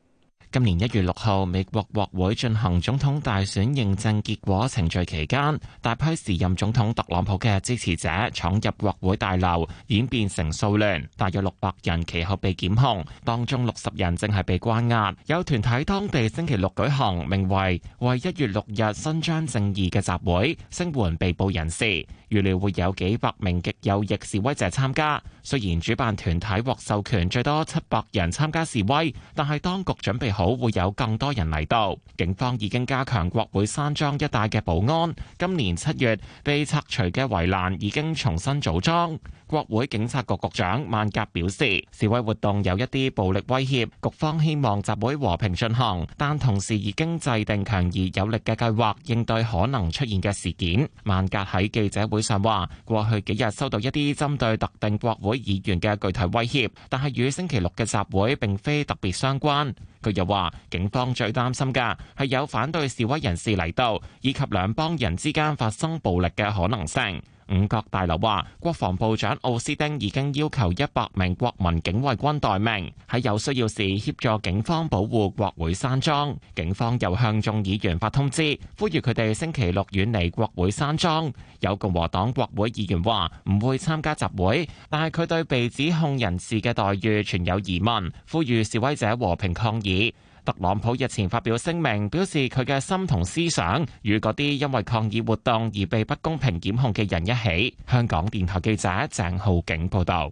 今年一月六號，美國國會進行總統大選認證結果程序期間，大批時任總統特朗普嘅支持者闖入國會大樓，演變成騷亂。大約六百人其後被檢控，當中六十人正係被關押。有團體當地星期六舉行名為「為一月六日伸張正義」嘅集會，聲援被捕人士。預料會有幾百名極右翼示威者參加。雖然主辦團體獲授權最多七百人參加示威，但係當局準備好會有更多人嚟到。警方已經加強國會山莊一帶嘅保安。今年七月被拆除嘅圍欄已經重新組裝。國會警察局局長曼格表示，示威活動有一啲暴力威脅，局方希望集會和平進行，但同時已經制定強而有力嘅計劃應對可能出現嘅事件。曼格喺記者會。上話過去幾日收到一啲針對特定國會議員嘅具體威脅，但係與星期六嘅集會並非特別相關。佢又話，警方最擔心嘅係有反對示威人士嚟到，以及兩幫人之間發生暴力嘅可能性。五角大樓話，國防部長奧斯丁已經要求一百名國民警衛軍待命，喺有需要時協助警方保護國會山莊。警方又向眾議員發通知，呼籲佢哋星期六遠離國會山莊。有共和黨國會議員話唔會參加集會，但係佢對被指控人士嘅待遇存有疑問，呼籲示威者和平抗議。特朗普日前發表聲明，表示佢嘅心同思想與嗰啲因為抗議活動而被不公平檢控嘅人一起。香港電台記者鄭浩景報導。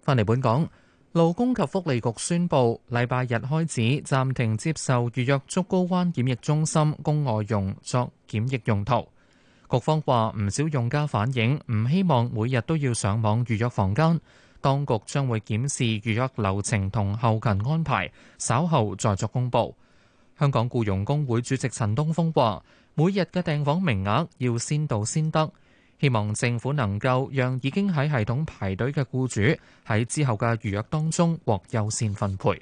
翻嚟本港，勞工及福利局宣布，禮拜日開始暫停接受預約竹篙灣檢疫中心供外傭作檢疫用途。局方話唔少用家反映，唔希望每日都要上網預約房間。當局將會檢視預約流程同後勤安排，稍後再作公佈。香港僱傭工會主席陳東峰話，每日嘅訂房名額要先到先得，希望政府能夠讓已經喺系統排隊嘅僱主喺之後嘅預約當中獲優先分配。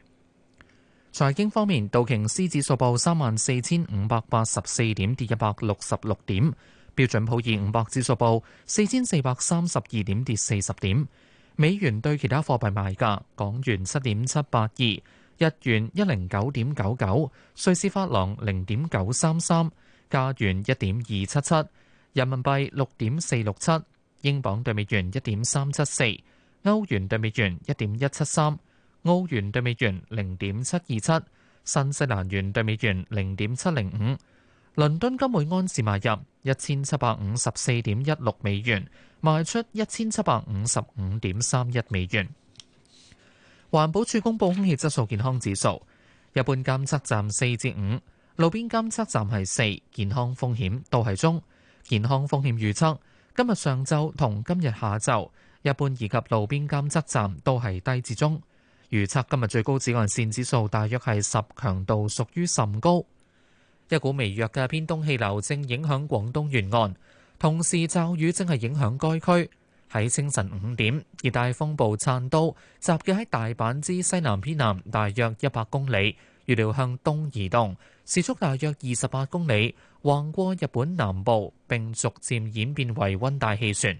財經方面，道瓊斯指數報三萬四千五百八十四點，跌一百六十六點，標準普爾五百指數報四千四百三十二點，跌四十點。美元對其他貨幣賣價：港元七點七八二，日元一零九點九九，瑞士法郎零點九三三，加元一點二七七，人民幣六點四六七，英鎊對美元一點三七四，歐元對美元一點一七三，澳元對美元零點七二七，新西蘭元對美元零點七零五。倫敦金每盎司買入一千七百五十四點一六美元，賣出一千七百五十五點三一美元。環保署公布空氣質素健康指數，一般監測站四至五，路邊監測站係四，健康風險都係中。健康風險預測今日上晝同今日下晝，一般以及路邊監測站都係低至中。預測今日最高紫外線指數大約係十，強度屬於甚高。一股微弱嘅偏東氣流正影響廣東沿岸，同時驟雨正係影響該區。喺清晨五點，熱帶風暴燦都集結喺大阪之西南偏南大約一百公里，預料向東移動，時速大約二十八公里，橫過日本南部並逐漸演變為温帶氣旋。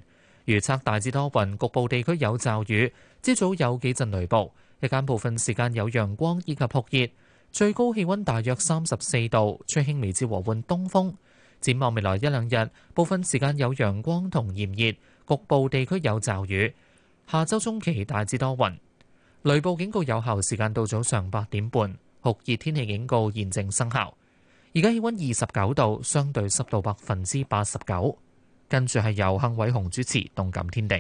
預測大致多雲，局部地區有驟雨，朝早有幾陣雷暴，日間部分時間有陽光以及酷熱。最高氣溫大約三十四度，吹輕微至和緩東風。展望未來一兩日，部分時間有陽光同炎熱，局部地區有驟雨。下周中期大致多雲，雷暴警告有效時間到早上八點半，酷熱天氣警告現正生效。而家氣溫二十九度，相對濕度百分之八十九。跟住係由幸偉雄主持《動感天地》，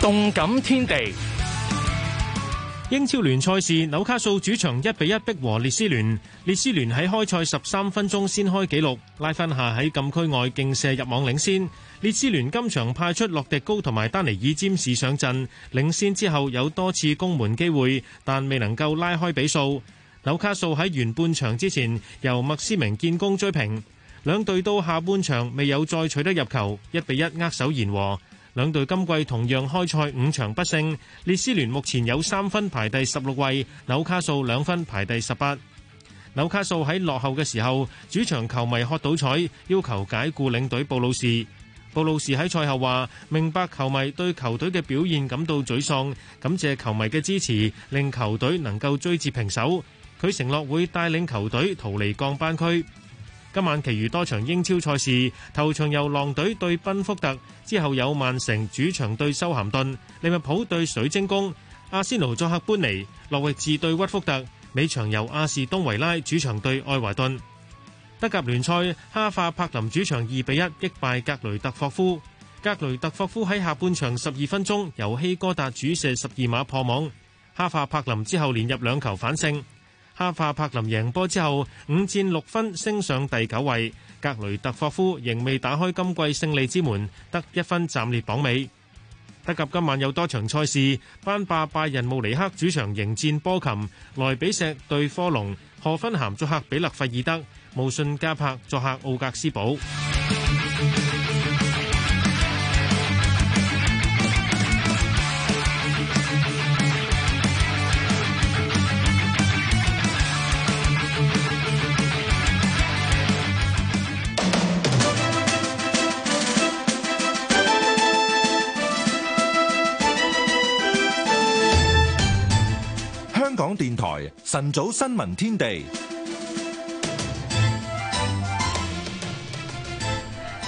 《動感天地》。英超聯賽事，紐卡素主場一比一逼和列斯聯。列斯聯喺開賽十三分鐘先開紀錄，拉芬夏喺禁區外勁射入網領先。列斯聯今場派出洛迪高同埋丹尼爾詹士上陣，領先之後有多次攻門機會，但未能夠拉開比數。紐卡素喺完半場之前由麥斯明建功追平，兩隊到下半場未有再取得入球，一比一握手言和。兩隊今季同樣開賽五場不勝，列斯聯目前有三分排第十六位，紐卡素兩分排第十八，紐卡素喺落後嘅時候主場球迷喝今晚其餘多場英超賽事，頭場由狼隊對賓福特，之後有曼城主場對修咸頓、利物浦對水晶宮、阿仙奴作客般尼、諾域治對屈福特，尾場由阿士東維拉主場對愛華頓。德甲聯賽，哈法柏林主場二比一擊敗格雷特霍夫，格雷特霍夫喺下半場十二分鐘由希哥達主射十二碼破網，哈法柏林之後連入兩球反勝。哈化柏林贏波之後，五戰六分，升上第九位。格雷特霍夫仍未打開今季勝利之門，得一分暫列榜尾。德甲今晚有多場賽事，班霸拜仁慕尼黑主場迎戰波琴，萊比錫對科隆，荷芬咸作客比勒費爾德，慕遜加柏作客奧格斯堡。港電台晨早新聞天地，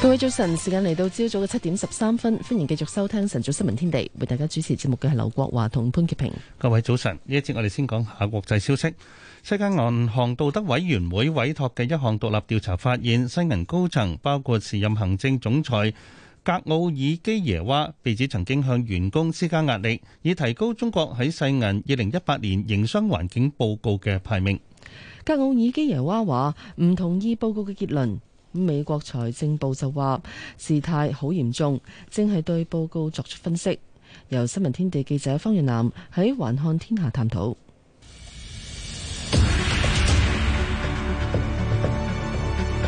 各位早晨，時間嚟到朝早嘅七點十三分，歡迎繼續收聽晨早新聞天地，為大家主持節目嘅係劉國華同潘潔平。各位早晨，呢一節我哋先講下國際消息。世界銀行道德委員會委託嘅一項獨立調查發現，西銀高層包括時任行政總裁。格奧爾基耶娃被指曾經向員工施加壓力，以提高中國喺世銀二零一八年營商環境報告嘅排名。格奧爾基耶娃話唔同意報告嘅結論。美國財政部就話事態好嚴重，正係對報告作出分析。由新聞天地記者方月南喺環看天下探討。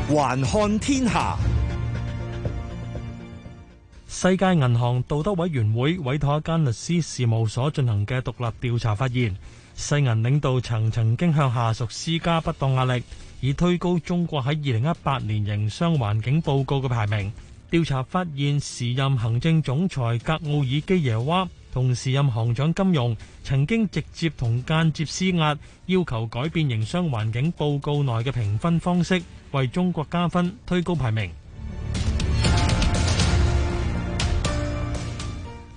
環看天下。世界銀行道德委員會委託一間律師事務所進行的獨立調查發現世銀領導層曾經向下屬施加不當壓力以推高中國在2018年營商環境報告的排名調查發現時任行政總裁格奧爾基耶娃和時任行長金融曾經直接和間接施壓要求改變營商環境報告內的評分方式為中國加分推高排名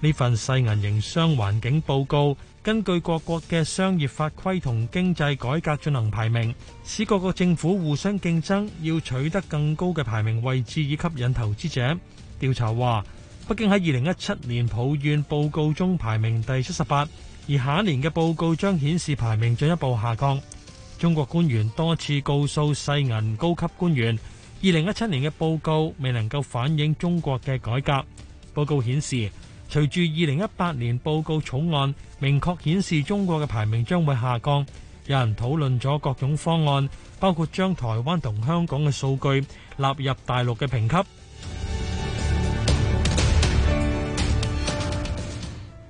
呢份世銀營商環境報告根據各國嘅商業法規同經濟改革進行排名，使各國政府互相競爭，要取得更高嘅排名位置以吸引投資者。調查話，北京喺二零一七年抱怨報告中排名第七十八，而下一年嘅報告將顯示排名進一步下降。中國官員多次告訴世銀高級官員，二零一七年嘅報告未能夠反映中國嘅改革。報告顯示。隨住二零一八年報告草案，明確顯示中國嘅排名將會下降。有人討論咗各種方案，包括將台灣同香港嘅數據納入大陸嘅評級。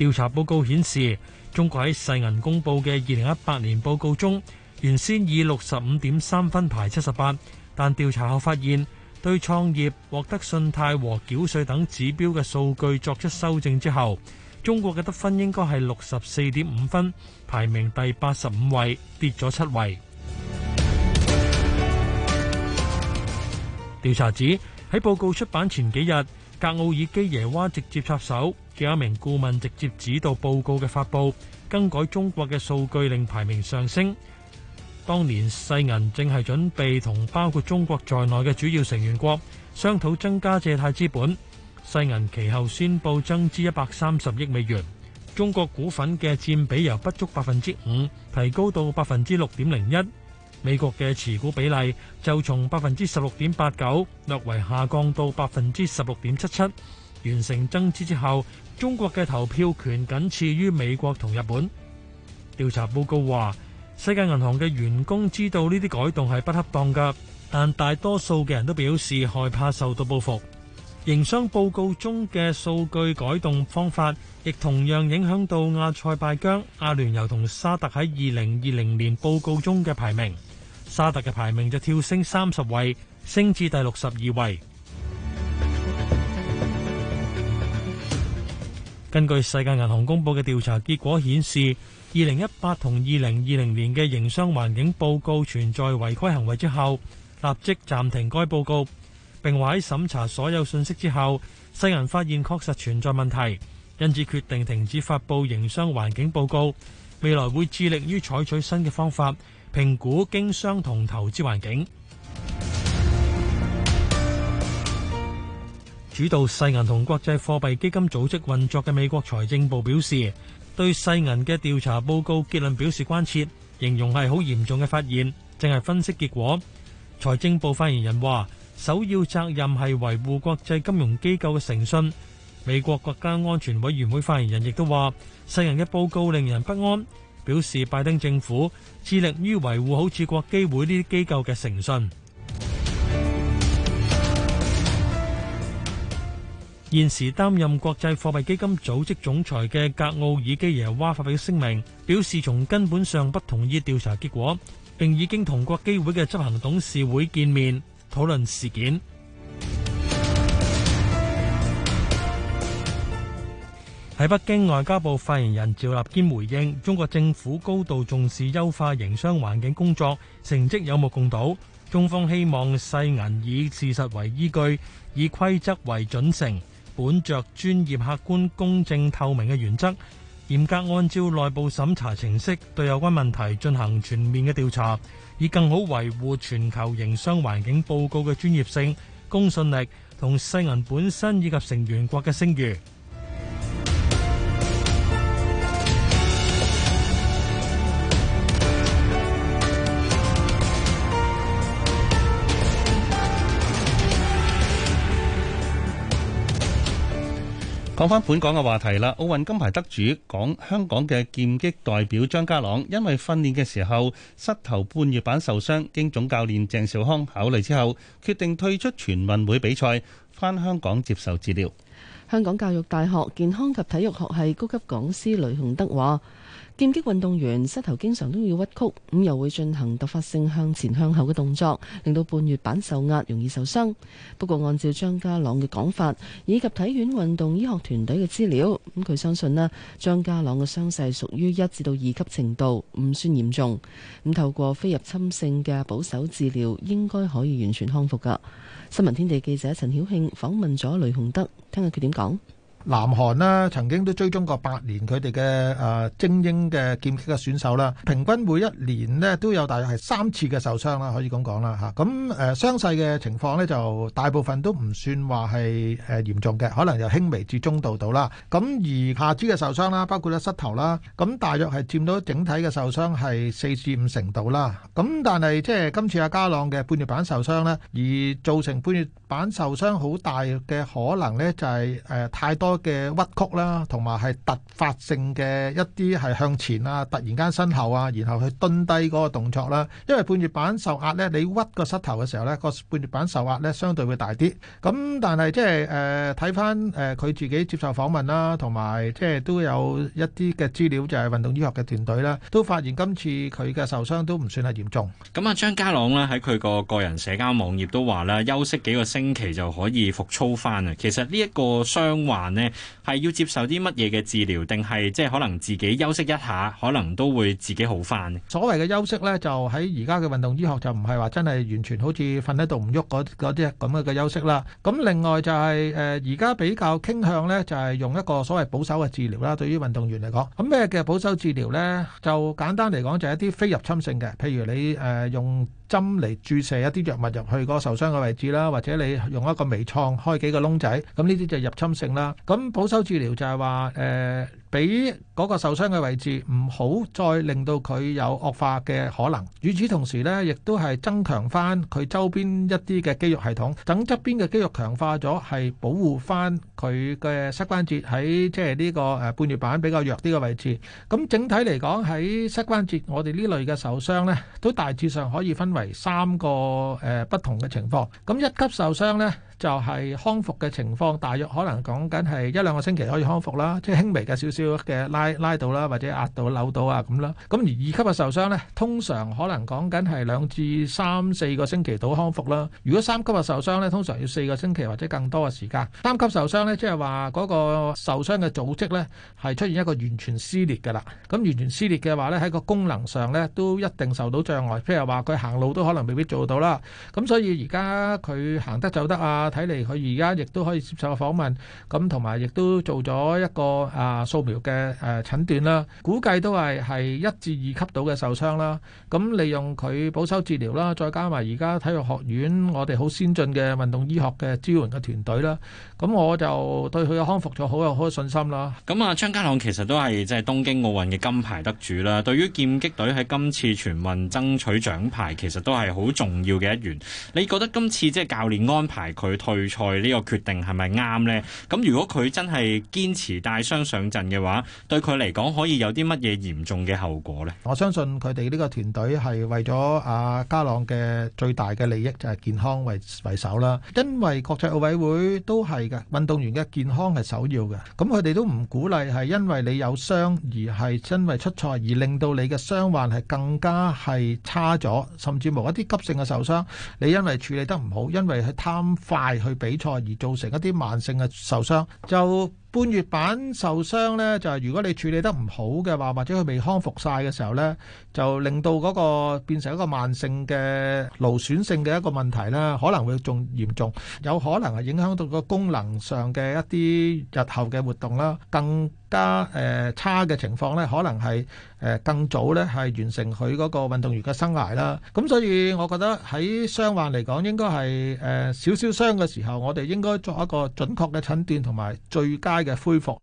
調查報告顯示，中國喺世銀公佈嘅二零一八年報告中，原先以六十五點三分排七十八，但調查後發現，對創業、獲得信貸和繳稅等指標嘅數據作出修正之後，中國嘅得分應該係六十四點五分，排名第八十五位，跌咗七位。 [MUSIC] 調查指喺報告出版前幾日，格奧爾基耶娃直接插手，有一名顧問直接指導報告嘅發布，更改中國嘅數據令排名上升。當年世銀正係準備同包括中國在內嘅主要成員國商討增加借貸資本。世銀其後宣布增資一百三十億美元，中國股份嘅佔比由不足百分之五提高到百分之六點零一，美國嘅持股比例就從百分之十六點八九略為下降到百分之十六點七七。完成增資之後，中國嘅投票權僅次於美國同日本。調查報告話：世界銀行嘅員工知道呢啲改動係不恰當噶，但大多數嘅人都表示害怕受到報復。營商報告中嘅數據改動方法，亦同樣影響到阿塞拜疆、阿聯酋同沙特喺二零二零年報告中嘅排名。沙特嘅排名就跳升三十位，升至第六十二位。根據世界銀行公布嘅調查結果顯示，二零一八同二零二零年嘅營商環境報告存在違規行為之後，立即暫停該報告，並話喺審查所有信息之後，世銀發現確實存在問題，因此決定停止發佈營商環境報告。未來會致力於採取新嘅方法評估經商同投資環境。主導世銀同國際貨幣基金組織運作嘅美國財政部表示，對世銀嘅調查報告現時擔任國際貨幣基金組織總裁嘅格奧爾基耶娃發表聲明，表示從根本上不同意調查結果，並已經同國基會嘅執行董事會見面討論事件。喺 [MUSIC] 北京，外交部發言人趙立堅回應，中國政府高度重視優化營商環境工作，成績有目共睹。中方希望世銀以事實為依據，以規則為準繩。本着專業、客觀、公正、透明嘅原則，嚴格按照內部審查程式，對有關問題進行全面嘅調查，以更好維護全球營商環境報告嘅專業性、公信力同世銀本身以及成員國嘅聲譽。講返本港嘅話題啦，奧運金牌得主講香港嘅劍擊代表張家朗，因為訓練嘅時候膝頭半月板受傷，經總教練鄭少康考慮之後，決定退出全運會比賽，返香港接受治療。香港教育大學健康及體育學系高級講師雷雄德話。劍擊運動員膝頭經常都要屈曲，咁又會進行突發性向前向後嘅動作，令到半月板受壓，容易受傷。不過按照張家朗嘅講法，以及體院運動醫學團隊嘅資料，咁佢相信呢張家朗嘅傷勢屬於一至到二級程度，唔算嚴重。咁透過非入侵性嘅保守治療，應該可以完全康復㗎。新聞天地記者陳曉慶訪問咗雷洪德，聽下佢點講。南韓咧曾經都追蹤過八年佢哋嘅誒精英嘅劍擊嘅選手啦，平均每一年咧都有大約係三次嘅受傷啦，可以咁講啦嚇。咁、嗯、誒、呃、傷勢嘅情況呢，就大部分都唔算話係誒嚴重嘅，可能就輕微至中度到啦。咁、嗯、而下肢嘅受傷啦，包括咧膝頭啦，咁、嗯、大約係佔到整體嘅受傷係四至五成度啦。咁、嗯、但係即係今次阿家朗嘅半月板受傷呢，而造成半月板受傷好大嘅可能呢、就係，就係誒太多，嘅屈曲啦，同埋係突發性嘅一啲係向前啊，突然間身後啊，然後去蹲低嗰個動作啦。因為半月板受壓咧，你屈個膝頭嘅時候咧，個半月板受壓咧相對會大啲。咁但係即係誒睇翻誒佢自己接受訪問啦，同埋即係都有一啲嘅資料就係運動醫學嘅團隊啦，都發現今次佢嘅受傷都唔算係嚴重。咁啊，張家朗咧喺佢個個人社交網頁都話啦，休息幾個星期就可以復操翻啊。其實呢一個傷患咧。係要接受啲乜嘢嘅治療，定係即係可能自己休息一下，可能都會自己好返。所謂嘅休息呢，就喺而家嘅運動醫學就唔係話真係完全好似瞓喺度唔喐嗰嗰啲咁樣嘅休息啦。咁另外就係誒而家比較傾向呢，就係、是、用一個所謂保守嘅治療啦。對於運動員嚟講，咁咩嘅保守治療呢？就簡單嚟講就係一啲非入侵性嘅，譬如你誒、呃、用。針嚟注射一啲藥物入去個受傷嘅位置啦，或者你用一個微創開幾個窿仔，咁呢啲就入侵性啦。咁保守治療就係話誒。呃俾嗰個受傷嘅位置唔好再令到佢有惡化嘅可能。與此同時呢，亦都係增強翻佢周邊一啲嘅肌肉系統。等側邊嘅肌肉強化咗，係保護翻佢嘅膝關節，喺即係呢個誒半月板比較弱啲嘅位置。咁整體嚟講，喺膝關節我哋呢類嘅受傷呢，都大致上可以分為三個誒不同嘅情況。咁一級受傷呢。就係康復嘅情況，大約可能講緊係一兩個星期可以康復啦，即係輕微嘅少少嘅拉拉到啦，或者壓到扭到啊咁啦。咁而二級嘅受傷咧，通常可能講緊係兩至三四個星期到康復啦。如果三級嘅受傷咧，通常要四個星期或者更多嘅時間。三級受傷咧，即係話嗰個受傷嘅組織咧係出現一個完全撕裂嘅啦。咁完全撕裂嘅話咧，喺個功能上咧都一定受到障礙，譬如話佢行路都可能未必做到啦。咁所以而家佢行得走得啊。睇嚟佢而家亦都可以接受訪問，咁同埋亦都做咗一個啊掃描嘅誒診斷啦，估計都係係一至二級度嘅受傷啦。咁利用佢保守治療啦，再加埋而家體育學院我哋好先進嘅運動醫學嘅支援嘅團隊啦。咁我就對佢嘅康復就好有好有信心啦。咁啊，張家朗其實都係即係東京奧運嘅金牌得主啦。對於劍擊隊喺今次全運爭取獎牌，其實都係好重要嘅一員，你覺得今次即係教練安排佢？退賽呢個決定係咪啱呢？咁如果佢真係堅持帶傷上陣嘅話，對佢嚟講可以有啲乜嘢嚴重嘅後果呢？我相信佢哋呢個團隊係為咗阿加朗嘅最大嘅利益就係健康為為首啦，因為國際奧委會都係嘅，運動員嘅健康係首要嘅。咁佢哋都唔鼓勵係因為你有傷而係因為出賽而令到你嘅傷患係更加係差咗，甚至冇一啲急性嘅受傷，你因為處理得唔好，因為係貪快。嗌去比賽，而造成一啲慢性嘅受傷，就。半月板受傷呢，就係如果你處理得唔好嘅話，或者佢未康復晒嘅時候呢，就令到嗰個變成一個慢性嘅勞損性嘅一個問題啦，可能會仲嚴重，有可能係影響到個功能上嘅一啲日後嘅活動啦，更加誒差嘅情況呢，可能係誒更早呢係完成佢嗰個運動員嘅生涯啦。咁所以我覺得喺傷患嚟講，應該係誒少少傷嘅時候，我哋應該作一個準確嘅診斷同埋最佳嘅恢復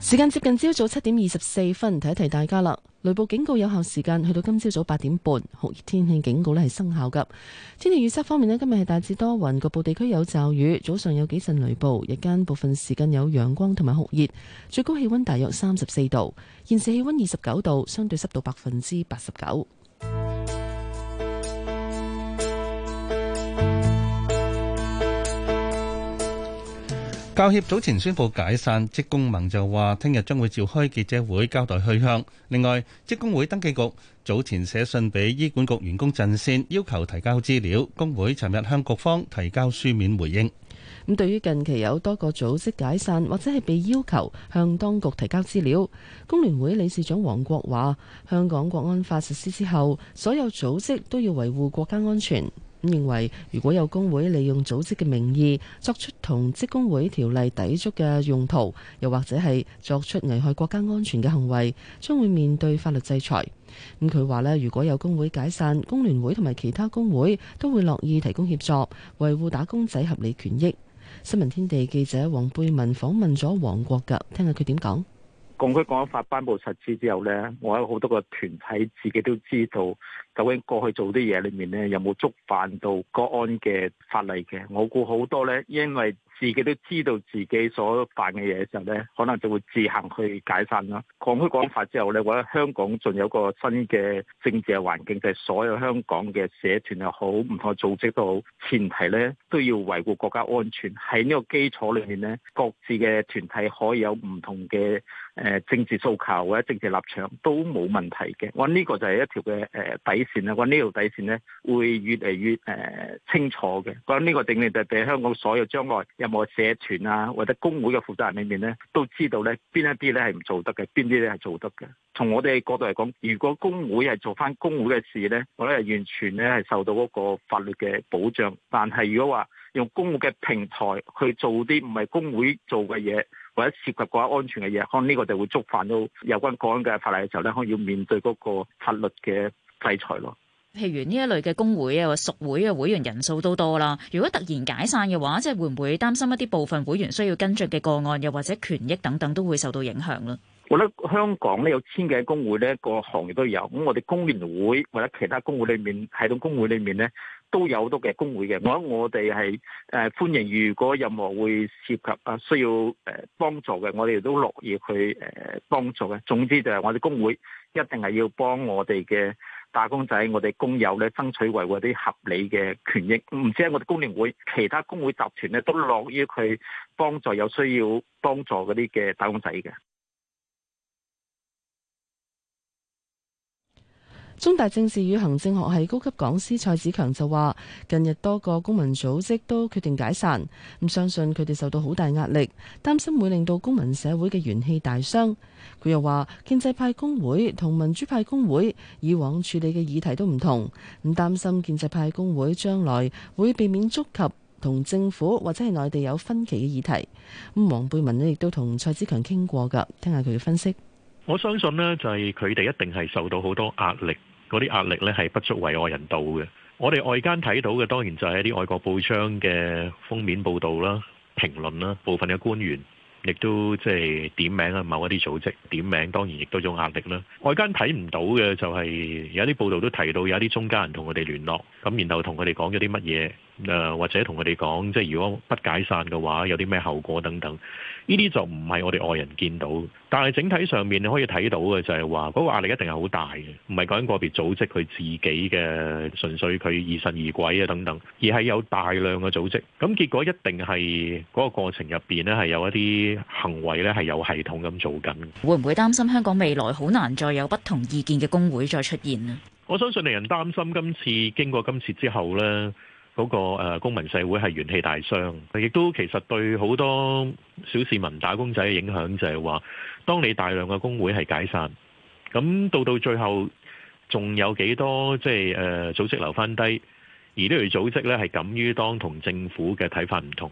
時間。接近朝早七點二十四分，提一提大家啦。雷暴警告有效時間去到今朝早八點半，酷熱天氣警告呢係生效㗎。天氣預測方面呢，今日係大致多雲，局部地區有驟雨。早上有幾陣雷暴，日間部分時間有陽光同埋酷熱，最高氣溫大約三十四度。現時氣溫二十九度，相對濕度百分之八十九。教協早前宣布解散,職工盟就話聽日將會召開記者會交代去向,另外,職工會登記局早前寫信俾醫管局員工陣線要求提交資料,工會尋日向局方提交書面回應。認為如果有工會利用組織嘅名義作出同職工會條例抵觸嘅用途，又或者係作出危害國家安全嘅行為，將會面對法律制裁。咁佢話呢，如果有工會解散，工聯會同埋其他工會都會樂意提供協助，維護打工仔合理權益。新聞天地記者黃貝文訪問咗黃國格，聽下佢點講。港區國安法，頒布實施之後呢，我有好多個團體自己都知道，究竟過去做啲嘢裏面呢，有冇觸犯到國安嘅法例嘅？我估好多呢，因為自己都知道自己所犯嘅嘢時候呢，可能就會自行去解散啦。港區國安法之後呢，我覺得香港仲有個新嘅政治嘅環境，就係、是、所有香港嘅社團又好，唔同嘅組織都好，前提呢都要維護國家安全。喺呢個基礎裏面呢，各自嘅團體可以有唔同嘅。誒，政治訴求或者政治立場都冇問題嘅。我呢個就係一條嘅誒底線啦。我呢條底線咧，會越嚟越誒、呃、清楚嘅。我呢個定義就對香港所有將來任何社團啊、或者工會嘅負責人裏面咧，都知道咧，邊一啲咧係唔做得嘅，邊啲咧係做得嘅。從我哋角度嚟講，如果工會係做翻工會嘅事咧，我覺得完全咧係受到嗰個法律嘅保障。但係如果話用工會嘅平台去做啲唔係工會做嘅嘢，或者涉及國家安全嘅嘢，可能呢個就會觸犯到有關國安嘅法例嘅時候咧，可能要面對嗰個法律嘅制裁咯。譬如呢一類嘅工會啊，或屬會嘅會員人數都多啦。如果突然解散嘅話，即係會唔會擔心一啲部分會員需要跟進嘅個案，又或者權益等等都會受到影響咯。我覺得香港咧有千幾工會咧，個行業都有。咁我哋工聯會或者其他工會裏面喺統工會裏面咧。都有好多嘅工會嘅，我諗我哋係誒歡迎，如果任何會涉及啊需要誒幫、呃、助嘅，我哋都樂意去誒幫、呃、助嘅。總之就係我哋工會一定係要幫我哋嘅打工仔，我哋工友咧爭取維護啲合理嘅權益。唔止係我哋工聯會，其他工會集團咧都樂於去幫助有需要幫助嗰啲嘅打工仔嘅。中大政治與行政學系高級講師蔡子強就話：近日多個公民組織都決定解散，咁相信佢哋受到好大壓力，擔心會令到公民社會嘅元氣大傷。佢又話：建制派工會同民主派工會以往處理嘅議題都唔同，咁擔心建制派工會將來會避免觸及同政府或者係內地有分歧嘅議題。咁王貝文呢亦都同蔡子強傾過㗎，聽下佢嘅分析。我相信呢，就係佢哋一定係受到好多壓力，嗰啲壓力呢，係不足為外人道嘅。我哋外間睇到嘅當然就係一啲外國報章嘅封面報導啦、評論啦，部分嘅官員亦都即係點名啊某一啲組織點名，當然亦都有壓力啦。外間睇唔到嘅就係有啲報導都提到有啲中間人同佢哋聯絡，咁然後同佢哋講咗啲乜嘢，誒、呃、或者同佢哋講即係如果不解散嘅話，有啲咩後果等等。呢啲就唔係我哋外人見到，但係整體上面你可以睇到嘅就係話嗰個壓力一定係好大嘅，唔係講緊個別組織佢自己嘅純粹佢疑神疑鬼啊等等，而係有大量嘅組織，咁結果一定係嗰個過程入邊咧，係有一啲行為咧，係有系統咁做緊，會唔會擔心香港未來好難再有不同意見嘅工會再出現呢？我相信令人擔心，今次經過今次之後咧。嗰個誒公民社會係元氣大傷，亦都其實對好多小市民打工仔嘅影響就係話，當你大量嘅工會係解散，咁到到最後仲有幾多即係誒組織留翻低，而呢類組織咧係敢於當同政府嘅睇法唔同，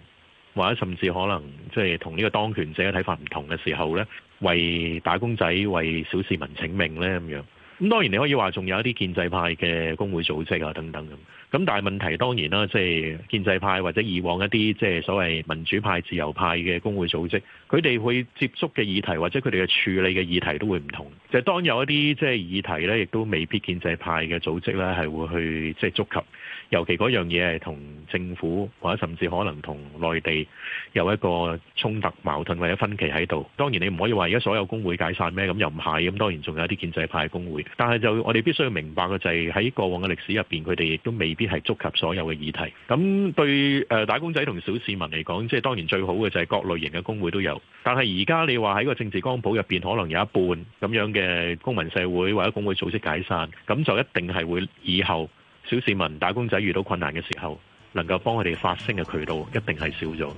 或者甚至可能即係同呢個當權者嘅睇法唔同嘅時候咧，為打工仔為小市民請命咧咁樣。咁當然你可以話仲有一啲建制派嘅工會組織啊等等咁。咁但係問題當然啦，即係建制派或者以往一啲即係所謂民主派、自由派嘅工會組織，佢哋會接觸嘅議題或者佢哋嘅處理嘅議題都會唔同。就當有一啲即係議題咧，亦都未必建制派嘅組織咧係會去即係觸及。尤其嗰樣嘢係同政府或者甚至可能同內地有一個衝突、矛盾或者分歧喺度。當然你唔可以話而家所有工會解散咩？咁又唔係咁當然，仲有一啲建制派工會，但係就我哋必須要明白嘅就係喺過往嘅歷史入邊，佢哋亦都未必係觸及所有嘅議題。咁對誒打工仔同小市民嚟講，即係當然最好嘅就係各類型嘅工會都有。但係而家你話喺個政治光譜入邊可能有一半咁樣嘅公民社會或者工會組織解散，咁就一定係會以後。小市民、打工仔遇到困難嘅時候，能夠幫佢哋發聲嘅渠道一定係少咗。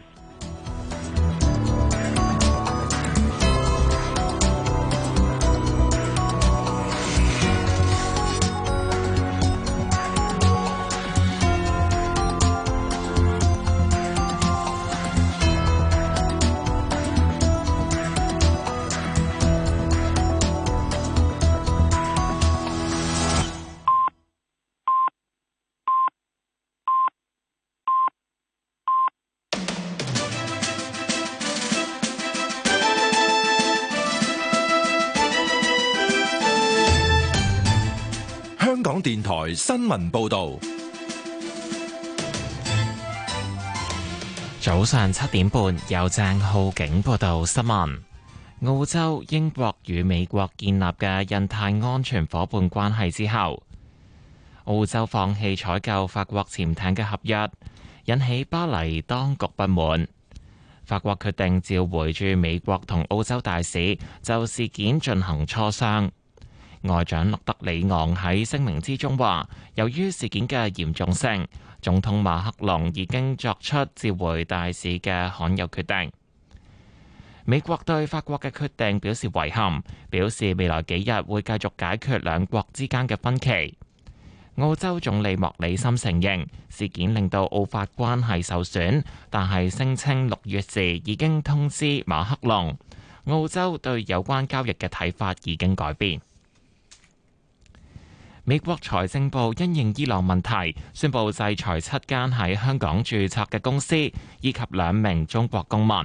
電台新聞報道：早上七點半，由鄭浩景報道新聞。澳洲、英國與美國建立嘅印太安全夥伴關係之後，澳洲放棄採購法國潛艇嘅合約，引起巴黎當局不滿。法國決定召回駐美國同澳洲大使，就事件進行磋商。外長勒德里昂喺聲明之中話，由於事件嘅嚴重性，總統馬克龍已經作出召回大使嘅罕有決定。美國對法國嘅決定表示遺憾，表示未來幾日會繼續解決兩國之間嘅分歧。澳洲總理莫里森承認事件令到澳法關係受損，但係聲稱六月時已經通知馬克龍，澳洲對有關交易嘅睇法已經改變。美國財政部因應伊朗問題，宣布制裁七間喺香港註冊嘅公司，以及兩名中國公民。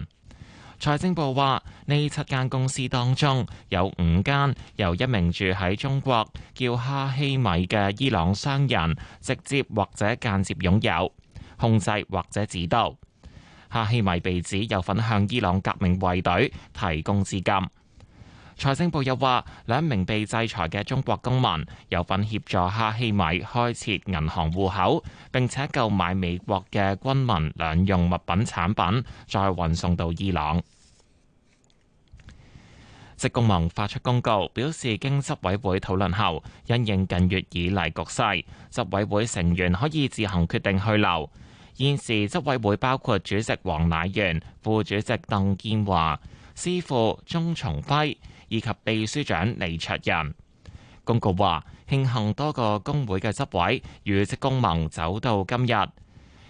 財政部話，呢七間公司當中有五間由一名住喺中國叫哈希米嘅伊朗商人直接或者間接擁有、控制或者指導。哈希米被指有份向伊朗革命衛隊提供資金。財政部又話，兩名被制裁嘅中國公民有份協助哈希米開設銀行戶口，並且購買美國嘅軍民兩用物品產品，再運送到伊朗。職工盟發出公告，表示經執委會討論後，因應近月以嚟局勢，執委會成員可以自行決定去留。現時執委會包括主席黃乃源、副主席鄧建華。司庫鍾崇輝以及秘書長李卓人，公告話慶幸多個工會嘅執委與職工盟走到今日，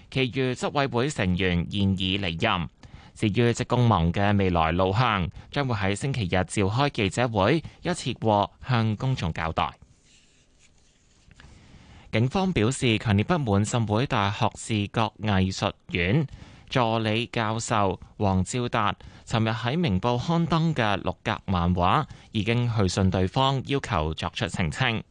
其餘執委會成員現已離任。至於職工盟嘅未來路向，將會喺星期日召開記者會，一次過向公眾交代。警方表示強烈不滿浸會大學視覺藝術院。助理教授黃照達尋日喺《明報》刊登嘅六格漫畫，已經去信對方，要求作出澄清。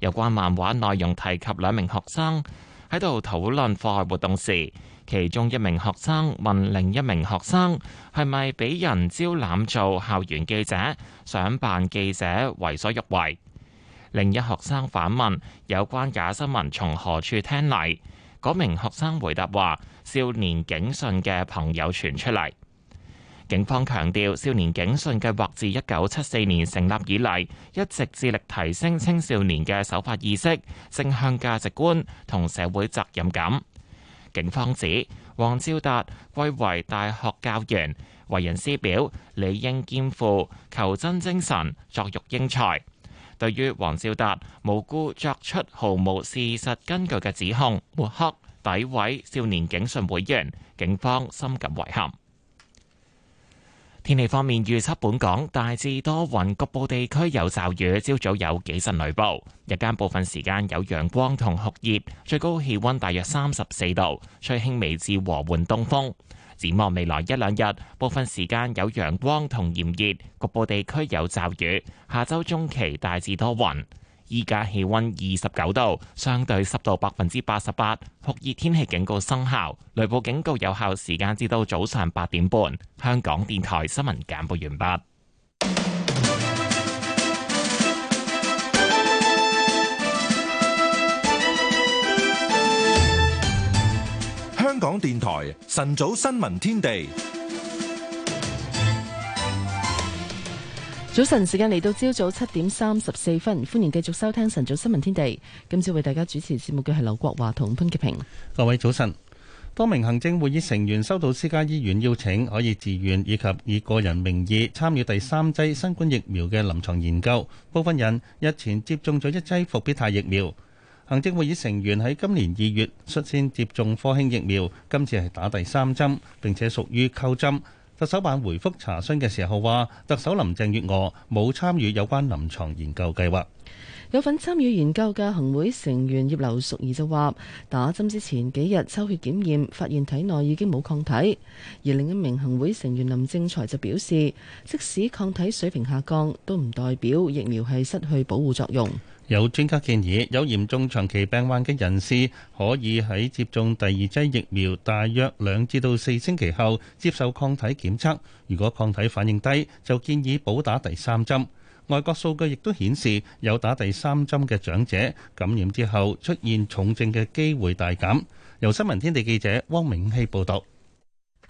有關漫畫內容提及兩名學生喺度討論課外活動時，其中一名學生問另一名學生係咪俾人招攬做校園記者，想扮記者為所欲為。另一學生反問有關假新聞從何處聽嚟。嗰名學生回答話。少年警訊嘅朋友傳出嚟。警方強調，少年警訊計劃自一九七四年成立以嚟，一直致力提升青少年嘅守法意識、正向價值觀同社會責任感。警方指，黃兆達貴為大學教員，為人師表，理應肩負求真精神，作育英才。對於黃兆達無故作出毫無事實根據嘅指控、抹黑位少年警訊會員，警方深感遺憾。天氣方面預測，本港大致多雲，局部地區有驟雨，朝早有幾陣雷暴，日間部分時間有陽光同酷熱，最高氣溫大約三十四度，吹輕微至和緩東風。展望未來一兩日，部分時間有陽光同炎熱，局部地區有驟雨。下周中期大致多雲。依家氣溫二十九度，相對濕度百分之八十八，酷熱天氣警告生效，雷暴警告有效時間至到早上八點半。香港電台新聞簡報完畢。香港電台晨早新聞天地。早晨，時間嚟到朝早七點三十四分，歡迎繼續收聽晨早新聞天地。今次為大家主持節目嘅係劉國華同潘潔平。各位早晨。多名行政會議成員收到私家醫院邀請，可以自願以及以個人名義參與第三劑新冠疫苗嘅臨床研究。部分人日前接種咗一劑復必泰疫苗。行政會議成員喺今年二月率先接種科興疫苗，今次係打第三針，並且屬於溝針。特首辦回覆查詢嘅時候話，特首林鄭月娥冇參與有關臨床研究計劃。有份參與研究嘅行會成員葉劉淑儀就話，打針之前幾日抽血檢驗，發現體內已經冇抗體。而另一名行會成員林正財就表示，即使抗體水平下降，都唔代表疫苗係失去保護作用。有專家建議，有嚴重長期病患嘅人士可以喺接種第二劑疫苗大約兩至到四星期後接受抗體檢測，如果抗體反應低，就建議補打第三針。外國數據亦都顯示，有打第三針嘅長者感染之後出現重症嘅機會大減。由新聞天地記者汪明希報道。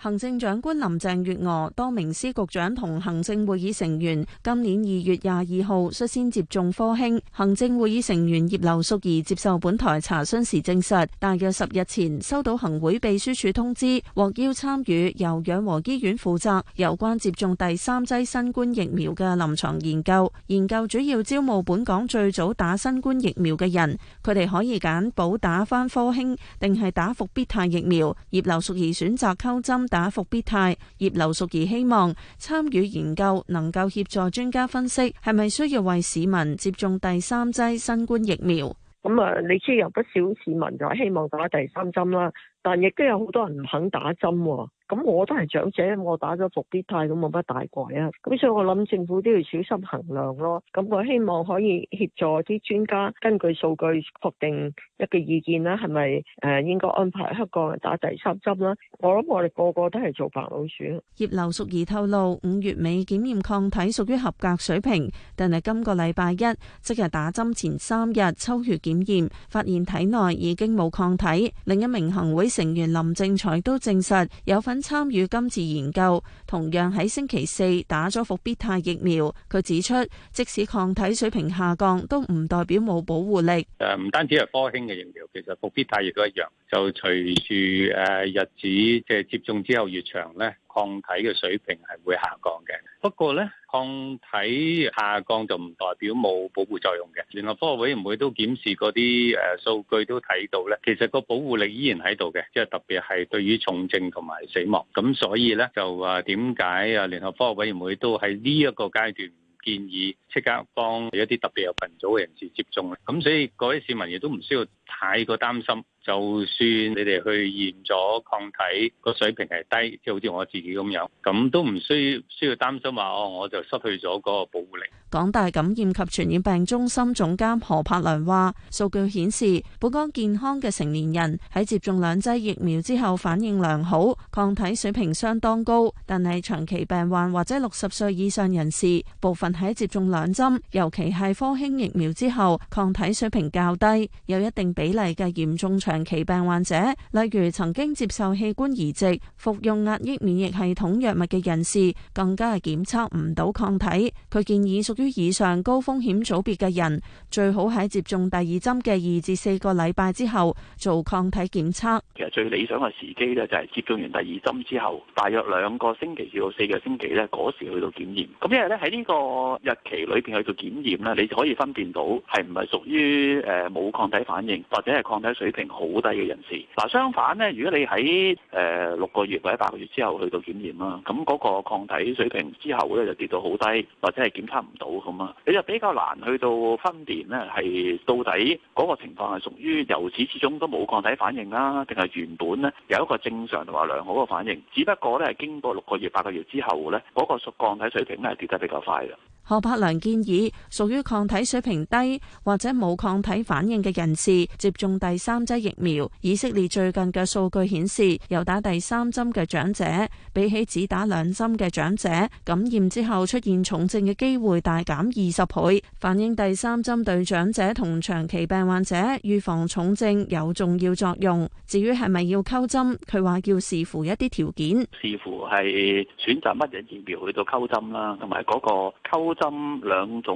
行政長官林鄭月娥、多名司局長同行政會議成員今年二月廿二號率先接種科興。行政會議成員葉劉淑儀接受本台查詢時證實，大約十日前收到行會秘書處通知，獲邀參與由養和醫院負責有關接種第三劑新冠疫苗嘅臨床研究。研究主要招募本港最早打新冠疫苗嘅人，佢哋可以揀補打翻科興，定係打伏必泰疫苗？葉劉淑儀選擇溝針。打復必泰。葉劉淑儀希望參與研究，能夠協助專家分析係咪需要為市民接種第三劑新冠疫苗。咁啊，你知有不少市民就希望打第三針啦，但亦都有好多人唔肯打針。咁我都係長者，我打咗伏必泰，咁冇乜大怪啊。咁所以我諗政府都要小心衡量咯。咁我希望可以協助啲專家根據數據確定一個意見啦，係咪誒應該安排一個人打第三針啦？我諗我哋個個都係做白老鼠。葉劉淑儀透露，五月尾檢驗抗體屬於合格水平，但係今個禮拜一即係打針前三日抽血檢驗，發現體內已經冇抗體。另一名行會成員林正財都證實有份。參與今次研究，同樣喺星期四打咗復必泰疫苗。佢指出，即使抗體水平下降，都唔代表冇保護力。誒，唔單止係科興嘅疫苗，其實復必泰亦都一樣。就隨住誒日子，即係接種之後越長咧，抗體嘅水平係會下降嘅。不過咧，抗體下降就唔代表冇保護作用嘅。聯合科學委員會都檢視嗰啲誒數據，都睇到咧，其實個保護力依然喺度嘅。即係特別係對於重症同埋死亡。咁所以咧，就話點解啊，聯合科學委員會都喺呢一個階段唔建議即刻幫一啲特別有群組嘅人士接種咧。咁所以各位市民亦都唔需要太過擔心。就算你哋去驗咗抗體個水平係低，即係好似我自己咁樣，咁都唔需需要擔心話哦，我就失去咗個保護力。港大感染及傳染病中心總監何柏良話，數據顯示，本港健康嘅成年人喺接種兩劑疫苗之後反應良好，抗體水平相當高。但係長期病患或者六十歲以上人士，部分喺接種兩針，尤其係科興疫苗之後，抗體水平較低，有一定比例嘅嚴重長期病患者，例如曾經接受器官移植、服用壓抑免疫系統藥物嘅人士，更加係檢測唔到抗體。佢建議屬於以上高風險組別嘅人，最好喺接種第二針嘅二至四個禮拜之後做抗體檢測。其實最理想嘅時機呢，就係接種完第二針之後，大約兩個星期至到四個星期呢，嗰時去到檢驗。咁因為呢，喺呢個日期裏邊去到檢驗咧，你就可以分辨到係唔係屬於誒冇抗體反應，或者係抗體水平好好低嘅人士嗱，相反呢，如果你喺誒六個月或者八個月之後去到檢驗啦，咁嗰個抗體水平之後呢，就跌到好低，或者係檢測唔到咁啊，你就比較難去到分辨呢係到底嗰個情況係屬於由始至終都冇抗體反應啦，定係原本呢有一個正常同埋良好嘅反應，只不過呢，係經過六個月、八個月之後呢，嗰個抗體水平呢係跌得比較快嘅。何柏良建議屬於抗體水平低或者冇抗體反應嘅人士接種第三劑疫苗。以色列最近嘅數據顯示，有打第三針嘅長者，比起只打兩針嘅長者，感染之後出現重症嘅機會大減二十倍，反映第三針對長者同長期病患者預防重症有重要作用。至於係咪要溝針，佢話要視乎一啲條件，視乎係選擇乜嘢疫苗去到溝針啦，啊，同埋嗰個溝。針兩種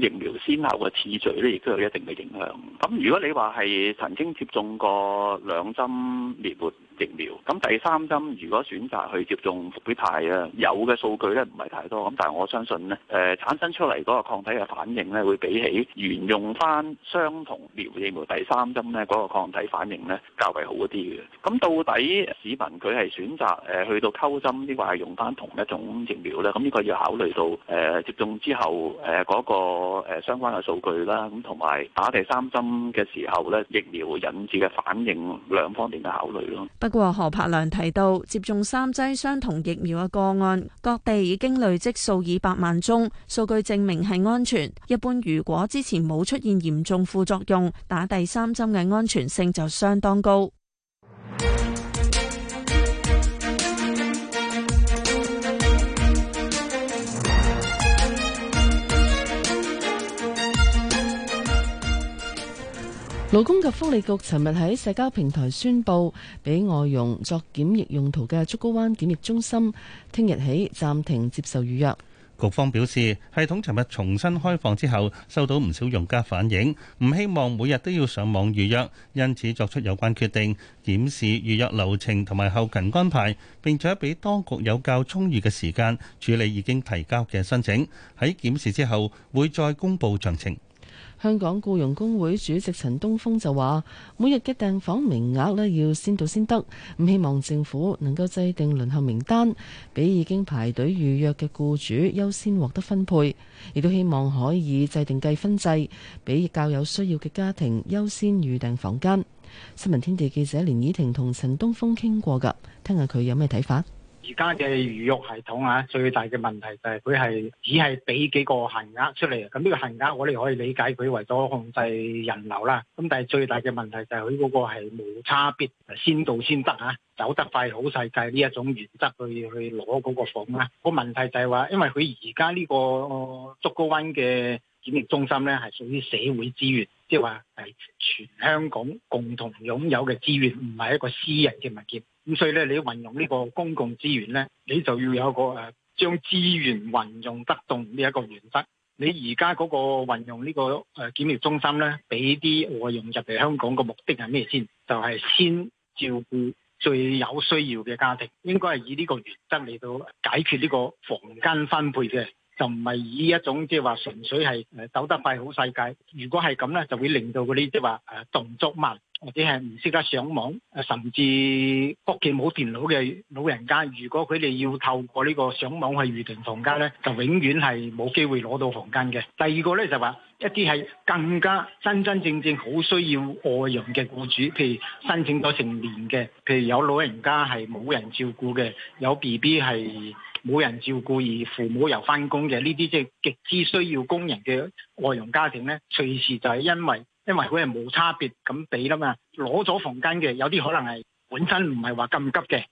疫苗先後嘅次序咧，亦都有一定嘅影響。咁如果你話係曾經接種過兩針滅活。疫苗，咁第三針如果選擇去接種復必泰啊，有嘅數據咧唔係太多，咁但係我相信咧，誒、呃、產生出嚟嗰個抗體嘅反應咧，會比起沿用翻相同苗疫苗第三針咧嗰、那個抗體反應咧較為好一啲嘅。咁到底市民佢係選擇誒去到溝針，抑或係用翻同一種疫苗咧？咁呢個要考慮到誒、呃、接種之後誒嗰個相關嘅數據啦，咁同埋打第三針嘅時候咧，疫苗引致嘅反應兩方面嘅考慮咯。不過，何柏良提到，接種三劑相同疫苗嘅個案，各地已經累積數以百萬宗，數據證明係安全。一般如果之前冇出現嚴重副作用，打第三針嘅安全性就相當高。勞工及福利局尋日喺社交平台宣布，俾外傭作檢疫用途嘅竹篙灣檢疫中心，聽日起暫停接受預約。局方表示，系統尋日重新開放之後，收到唔少用家反映，唔希望每日都要上網預約，因此作出有關決定，檢視預約流程同埋後勤安排，並且俾當局有較充裕嘅時間處理已經提交嘅申請。喺檢視之後，會再公布詳情。香港雇傭工會主席陳東峰就話：每日嘅訂房名額咧要先到先得，唔希望政府能夠制定輪候名單，俾已經排隊預約嘅雇主優先獲得分配，亦都希望可以制定計分制，俾較有需要嘅家庭優先預訂房間。新聞天地記者連綺婷同陳東峰傾過噶，聽下佢有咩睇法。而家嘅預約系統啊，最大嘅問題就係佢係只係俾幾個限額出嚟，咁呢個限額我哋可以理解佢為咗控制人流啦。咁但係最大嘅問題就係佢嗰個係冇差別先到先得啊，走得快好世界呢一種原則去去攞嗰個房啦、啊。個問題就係話，因為佢而家呢個竹篙灣嘅檢疫中心咧，係屬於社會資源，即係話係全香港共同擁有嘅資源，唔係一個私人嘅物件。咁所以咧，你要運用呢個公共資源咧，你就要有一個誒，將、啊、資源運用得動呢一個原則。你而家嗰個運用呢、呢個誒檢、啊、疫中心咧，俾啲外傭入嚟香港嘅目的係咩先？就係、是、先照顧最有需要嘅家庭，應該係以呢個原則嚟到解決呢個房間分配嘅。就唔係以一種即係話純粹係誒走得快好世界。如果係咁咧，就會令到嗰啲即係話誒動作慢或者係唔識得上網誒，甚至屋企冇電腦嘅老人家，如果佢哋要透過呢個上網去預定房間咧，就永遠係冇機會攞到房間嘅。第二個咧，就話一啲係更加真真正正好需要外傭嘅雇主，譬如申請咗成年嘅，譬如有老人家係冇人照顧嘅，有 B B 係。冇人照顧而父母又翻工嘅呢啲即係極之需要工人嘅外傭家庭咧，隨時就係因為因為佢係冇差別咁俾啦嘛，攞咗房間嘅有啲可能係本身唔係話咁急嘅。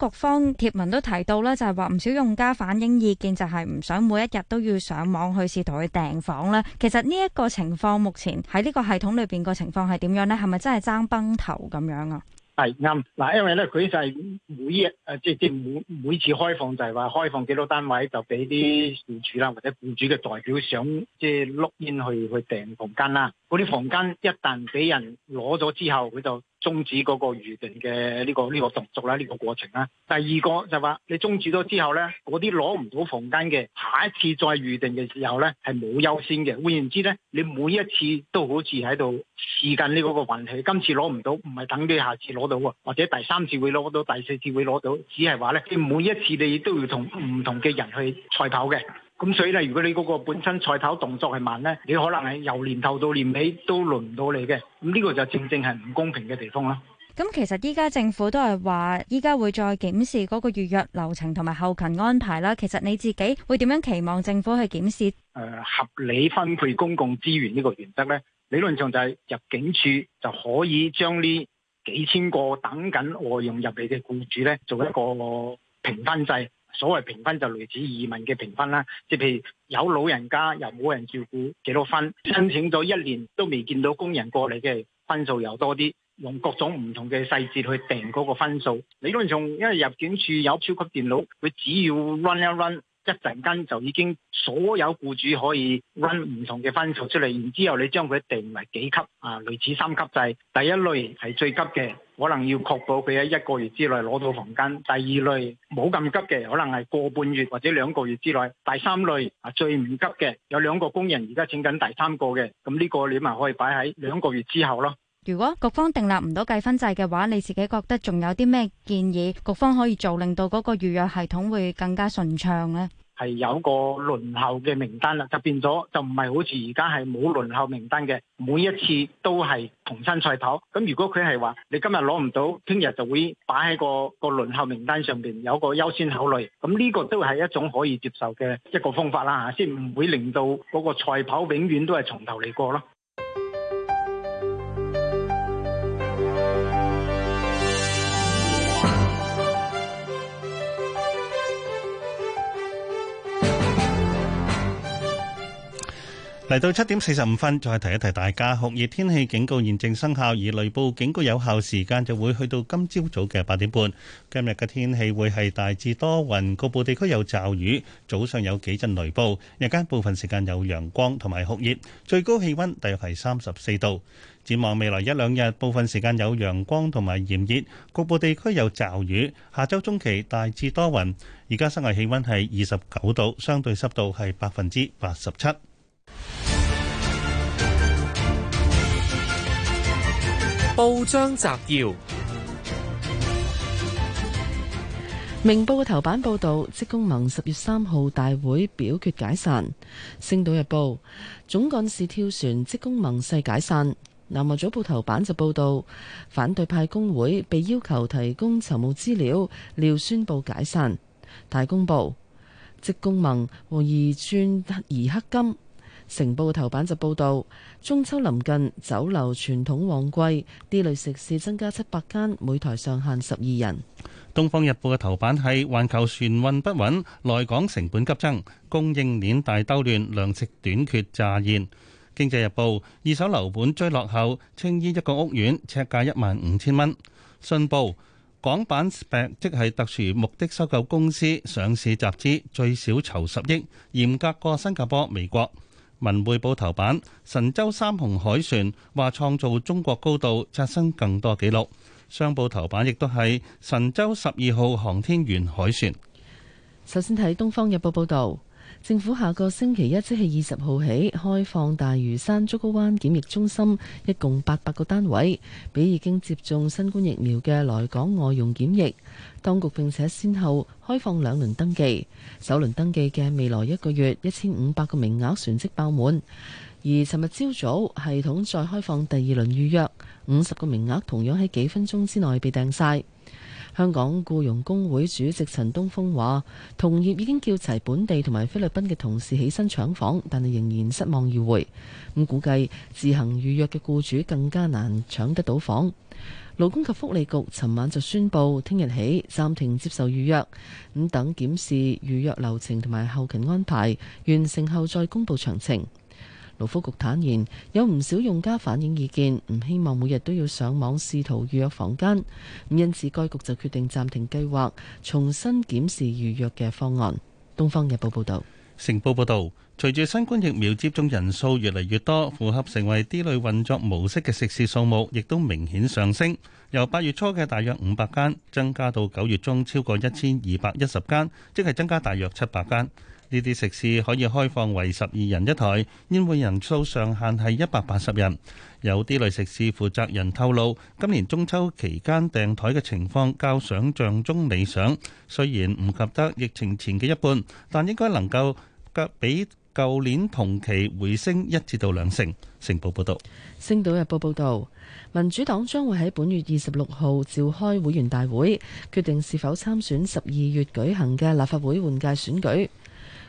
局方貼文都提到咧，就係話唔少用家反映意見就係唔想每一日都要上網去試圖去訂房啦。其實呢一個情況目前喺呢個系統裏邊個情況係點樣呢？係咪真係爭崩頭咁樣啊？係啱嗱，因為咧佢就係每日，誒、就是，即係即係每每次開放就係話開放幾多單位，就俾啲業主啦或者僱主嘅代表上即係碌煙去去訂房間啦。嗰啲房間一旦俾人攞咗之後，佢就。中止嗰個預定嘅呢個呢個動作啦，呢個過程啦。第二個就話你中止咗之後呢，嗰啲攞唔到房間嘅，下一次再預定嘅時候呢，係冇優先嘅。換言之呢，你每一次都好似喺度試緊呢個個運氣，今次攞唔到，唔係等你下次攞到喎，或者第三次會攞到，第四次會攞到，只係話呢，你每一次你都要同唔同嘅人去賽跑嘅。咁、嗯、所以咧，如果你嗰個本身採購動作係慢咧，你可能係由年頭到年尾都輪唔到你嘅。咁、嗯、呢、這個就正正係唔公平嘅地方啦。咁、嗯、其實依家政府都係話，依家會再檢視嗰個預約流程同埋後勤安排啦。其實你自己會點樣期望政府去檢視誒、呃、合理分配公共資源呢個原則咧？理論上就係入境處就可以將呢幾千個等緊外傭入嚟嘅雇主咧，做一個評分制。所謂評分就類似移民嘅評分啦，即譬如有老人家又冇人照顧幾多分，申請咗一年都未見到工人過嚟嘅分數又多啲，用各種唔同嘅細節去定嗰個分數。理論上因為入境處有超級電腦，佢只要 run 一 run，一陣間就已經所有僱主可以 run 唔同嘅分數出嚟，然之後你將佢定為幾級啊，類似三級制，第一類係最急嘅。可能要確保佢喺一個月之內攞到房間。第二類冇咁急嘅，可能係個半月或者兩個月之內。第三類啊最唔急嘅，有兩個工人而家請緊第三個嘅，咁呢個你咪可以擺喺兩個月之後咯。如果局方訂立唔到計分制嘅話，你自己覺得仲有啲咩建議局方可以做，令到嗰個預約系統會更加順暢呢？係有個輪候嘅名單啦，就變咗就唔係好似而家係冇輪候名單嘅，每一次都係重新賽跑。咁如果佢係話你今日攞唔到，聽日就會擺喺個個輪候名單上邊，有一個優先考慮。咁呢個都係一種可以接受嘅一個方法啦吓，先唔會令到嗰個賽跑永遠都係從頭嚟過咯。嚟到七點四十五分，再提一提大家，酷熱天氣警告現正生效，而雷暴警告有效時間就會去到今朝早嘅八點半。今日嘅天氣會係大致多雲，局部地區有驟雨，早上有幾陣雷暴，日間部分時間有陽光同埋酷熱，最高氣溫大約係三十四度。展望未來一兩日，部分時間有陽光同埋炎熱，局部地區有驟雨。下周中期大致多雲，而家室外氣溫係二十九度，相對濕度係百分之八十七。報章摘要：《明報》嘅頭版報道，職工盟十月三號大會表決解散。《星島日報》總幹事跳船，職工盟勢解散。《南華早報》頭版就報道，反對派工會被要求提供籌募資料，料宣布解散。《大公報》職工盟和宜專宜克金。成報嘅頭版就報道中秋臨近，酒樓傳統旺季，啲類食肆增加七百間，每台上限十二人。《東方日報》嘅頭版係環球船運不穩，來港成本急增，供應鏈大兜亂，糧食短缺乍現。《經濟日報》二手樓盤追落後，青衣一個屋苑尺價一萬五千蚊。信報港版 SPAC，即係特殊目的收購公司上市集資，最少籌十億，嚴格過新加坡、美國。文匯報頭版，神舟三雄凱旋話創造中國高度，刷新更多紀錄。商報頭版亦都係神舟十二號航天員凱旋。首先睇東方日報報道。政府下個星期一即係二十號起開放大嶼山竹篙灣檢疫中心，一共八百個單位，俾已經接種新冠疫苗嘅來港外傭檢疫。當局並且先後開放兩輪登記，首輪登記嘅未來一個月一千五百個名額瞬即爆滿。而尋日朝早系統再開放第二輪預約，五十個名額同樣喺幾分鐘之內被訂晒。香港僱傭工會主席陳東峰話，同業已經叫齊本地同埋菲律賓嘅同事起身搶房，但係仍然失望而回。咁估計自行預約嘅僱主更加難搶得到房。勞工及福利局尋晚就宣布，聽日起暫停接受預約，咁等檢視預約流程同埋後勤安排完成後再公布詳情。勞福局坦言，有唔少用家反映意見，唔希望每日都要上網試圖預約房間。因此，該局就決定暫停計劃，重新檢視預約嘅方案。《東方日報》報導，《成報》報導，隨住新冠疫苗接種人數越嚟越多，符合成為 D 類運作模式嘅食肆數目，亦都明顯上升，由八月初嘅大約五百間，增加到九月中超過一千二百一十間，即係增加大約七百間。呢啲食肆可以開放為十二人一台，宴會人數上限係一百八十人。有啲類食肆負責人透露，今年中秋期間訂台嘅情況較想像中理想，雖然唔及得疫情前嘅一半，但應該能夠較比舊年同期回升一至到兩成。成報報導。《星島日報》報導，民主黨將會喺本月二十六號召開會員大會，決定是否參選十二月舉行嘅立法會換屆選舉。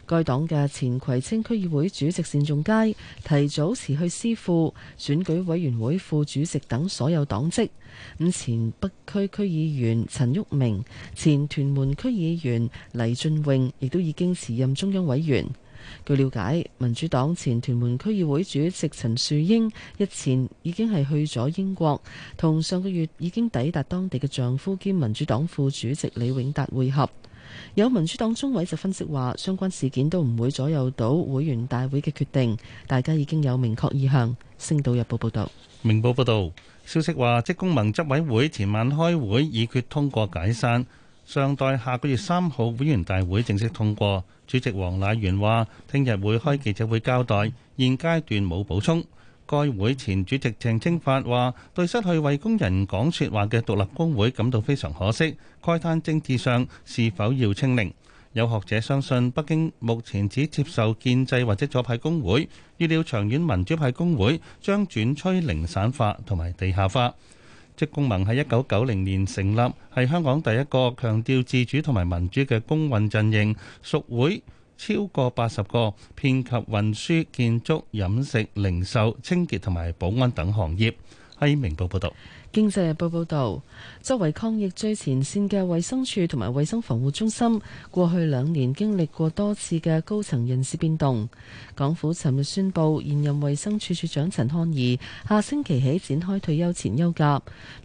該黨嘅前葵青區議會主席單仲偕提早辭去司庫、選舉委員會副主席等所有黨職。咁前北區區議員陳旭明、前屯門區議員黎俊榮亦都已經辭任中央委員。據了解，民主黨前屯門區議會主席陳樹英日前已經係去咗英國，同上個月已經抵達當地嘅丈夫兼民主黨副主席李永達會合。有民主黨中委就分析話，相關事件都唔會左右到會員大會嘅決定，大家已經有明確意向。星島日報報道，明報報道消息話，職工盟執委會前晚開會已決通過解散，尚待下個月三號會員大會正式通過。主席黃乃元話，聽日會開記者會交代，現階段冇補充。該會前主席鄭清發話：對失去為工人講説話嘅獨立工會感到非常可惜，慨嘆政治上是否要清零？有學者相信北京目前只接受建制或者左派工會，預料長遠民主派工會將轉趨零散化同埋地下化。職工盟喺一九九零年成立，係香港第一個強調自主同埋民主嘅工運陣營，屬會，超過八十個，遍及運輸、建築、飲食、零售、清潔同埋保安等行業。《明報》報道，《經濟日報》報道。作為抗疫最前線嘅衞生署同埋衞生防護中心，過去兩年經歷過多次嘅高層人事變動。港府尋日宣布，現任衞生署署長陳漢儀下星期起展開退休前休假，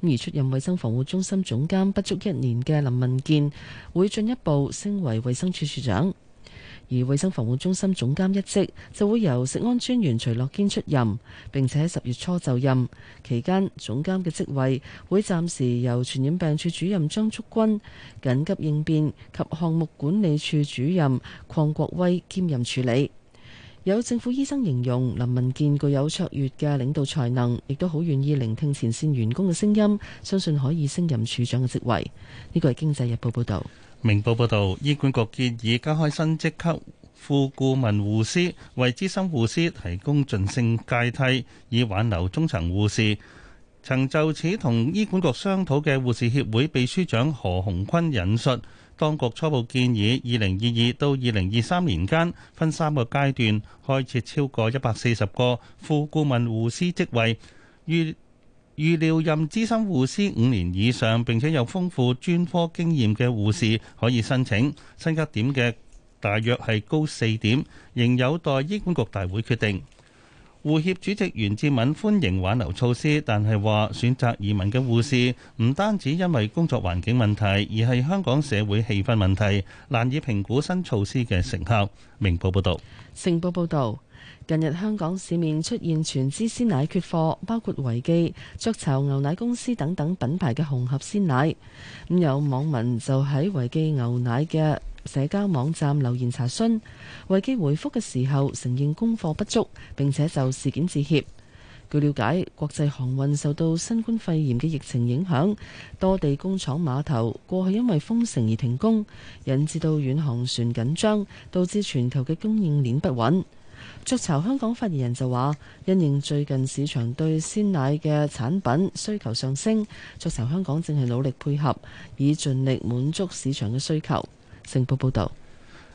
而出任衞生防護中心總監不足一年嘅林文健會進一步升為衞生署署長。而衛生防護中心總監一職就會由食安專員徐樂堅出任，並且喺十月初就任。期間總監嘅職位會暫時由傳染病處主任張竹君、緊急應變及項目管理處主任鄺國威兼任處理。有政府醫生形容林文健具有卓越嘅領導才能，亦都好願意聆聽前線員工嘅聲音，相信可以升任處長嘅職位。呢個係《經濟日報》報道。明報報導，醫管局建議加開新職級副顧問護師，為資深護師提供晉升階梯，以挽留中層護士。曾就此同醫管局商討嘅護士協會秘書長何鴻坤引述，當局初步建議，二零二二到二零二三年間，分三個階段開設超過一百四十個副顧問護師職位。於預料任資深護師五年以上，並且有豐富專科經驗嘅護士可以申請，薪級點嘅大約係高四點，仍有待醫管局大會決定。護協主席袁志敏歡迎挽留措施，但係話選擇移民嘅護士唔單止因為工作環境問題，而係香港社會氣氛問題，難以評估新措施嘅成效。明報報道，成報報道。近日，香港市面出現全脂鮮奶缺貨，包括維記、雀巢牛奶公司等等品牌嘅紅盒鮮奶。咁有網民就喺維記牛奶嘅社交網站留言查詢，維記回覆嘅時候承認供貨不足，並且就事件致歉。據了解，國際航運受到新冠肺炎嘅疫情影響，多地工廠碼頭過去因為封城而停工，引致到遠航船緊張，導致全球嘅供應鏈不穩。雀巢香港發言人就話，因應最近市場對鮮奶嘅產品需求上升，雀巢香港正係努力配合，以盡力滿足市場嘅需求。成報報道，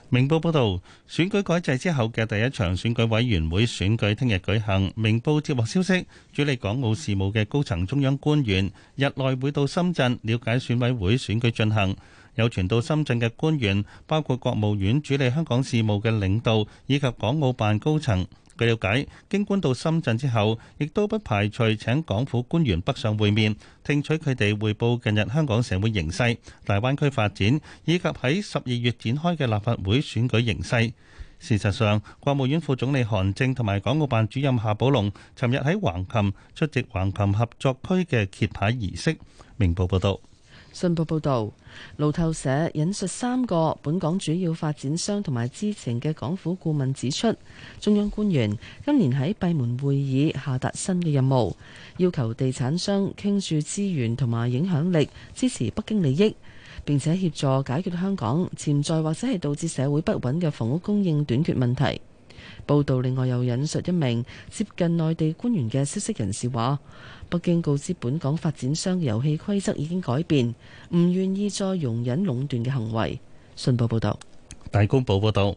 明報報道，選舉改制之後嘅第一場選舉委員會選舉聽日舉行。明報接獲消息，主理港澳事務嘅高層中央官員日內會到深圳了解選委會選舉進行。有傳到深圳嘅官員，包括國務院主理香港事務嘅領導以及港澳辦高層。據了解，京官到深圳之後，亦都不排除請港府官員北上會面，聽取佢哋匯報近日香港社會形勢、大灣區發展以及喺十二月展開嘅立法會選舉形勢。事實上，國務院副總理韓正同埋港澳辦主任夏寶龍，尋日喺橫琴出席橫琴合作區嘅揭牌儀式。明報報道。信報報導，路透社引述三個本港主要發展商同埋知情嘅港府顧問指出，中央官員今年喺閉門會議下達新嘅任務，要求地產商傾注資源同埋影響力，支持北京利益，並且協助解決香港潛在或者係導致社會不穩嘅房屋供應短缺問題。報道另外又引述一名接近內地官員嘅消息人士話：北京告知本港發展商遊戲規則已經改變，唔願意再容忍壟斷嘅行為。信報報道。大公報報道，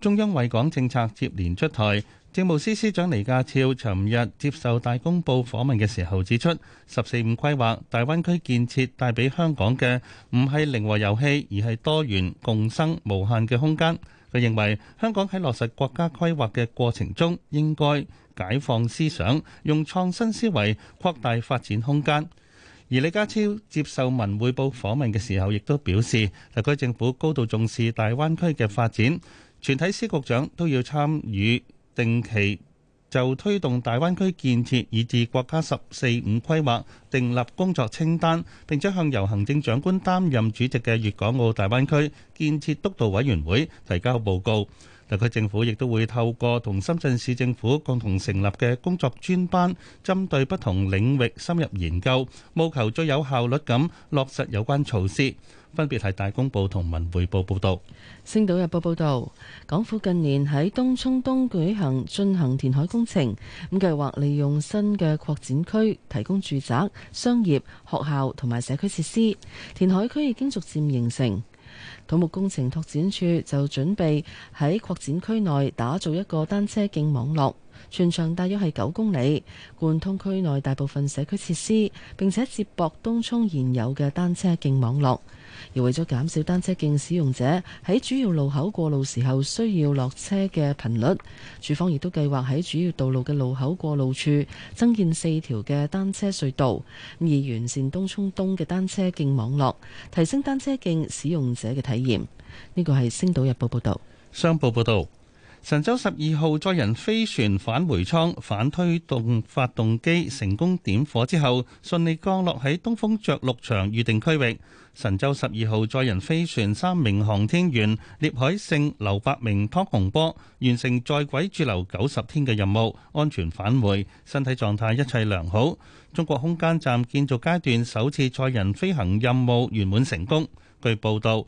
中央為港政策接連出台。政務司司長李家超尋日接受大公報訪問嘅時候指出，「十四五」規劃大灣區建設帶俾香港嘅唔係零和遊戲，而係多元共生、無限嘅空間。佢認為香港喺落實國家規劃嘅過程中，應該解放思想，用創新思維擴大發展空間。而李家超接受文匯報訪問嘅時候，亦都表示，特區政府高度重視大灣區嘅發展，全體司局長都要參與定期。就推動大灣區建設以至國家十四五規劃訂立工作清單，並且向由行政長官擔任主席嘅粵港澳大灣區建設督導委員會提交報告。特區政府亦都會透過同深圳市政府共同成立嘅工作專班，針對不同領域深入研究，務求最有效率咁落實有關措施。分別係《大公報》同《文匯報》報導，《星島日報》報導，港府近年喺東涌東舉行進行填海工程，咁計劃利用新嘅擴展區提供住宅、商業、學校同埋社區設施，填海區已經逐漸形成。土木工程拓展處就準備喺擴展區內打造一個單車徑網絡。全長大約係九公里，貫通區內大部分社區設施，並且接駁東涌現有嘅單車徑網絡。而為咗減少單車徑使用者喺主要路口過路時候需要落車嘅頻率，署方亦都計劃喺主要道路嘅路口過路處增建四條嘅單車隧道，咁而完善東涌東嘅單車徑網絡，提升單車徑使用者嘅體驗。呢個係星島日報報導，商報報導。神舟十二號載人飛船返回艙反推動發動機成功點火之後，順利降落喺東風着陸場預定區域。神舟十二號載人飛船三名航天員聶海勝、劉伯明、湯洪波完成在軌駐留九十天嘅任務，安全返回，身體狀態一切良好。中國空間站建造階段首次載人飛行任務圓滿成功。據報道，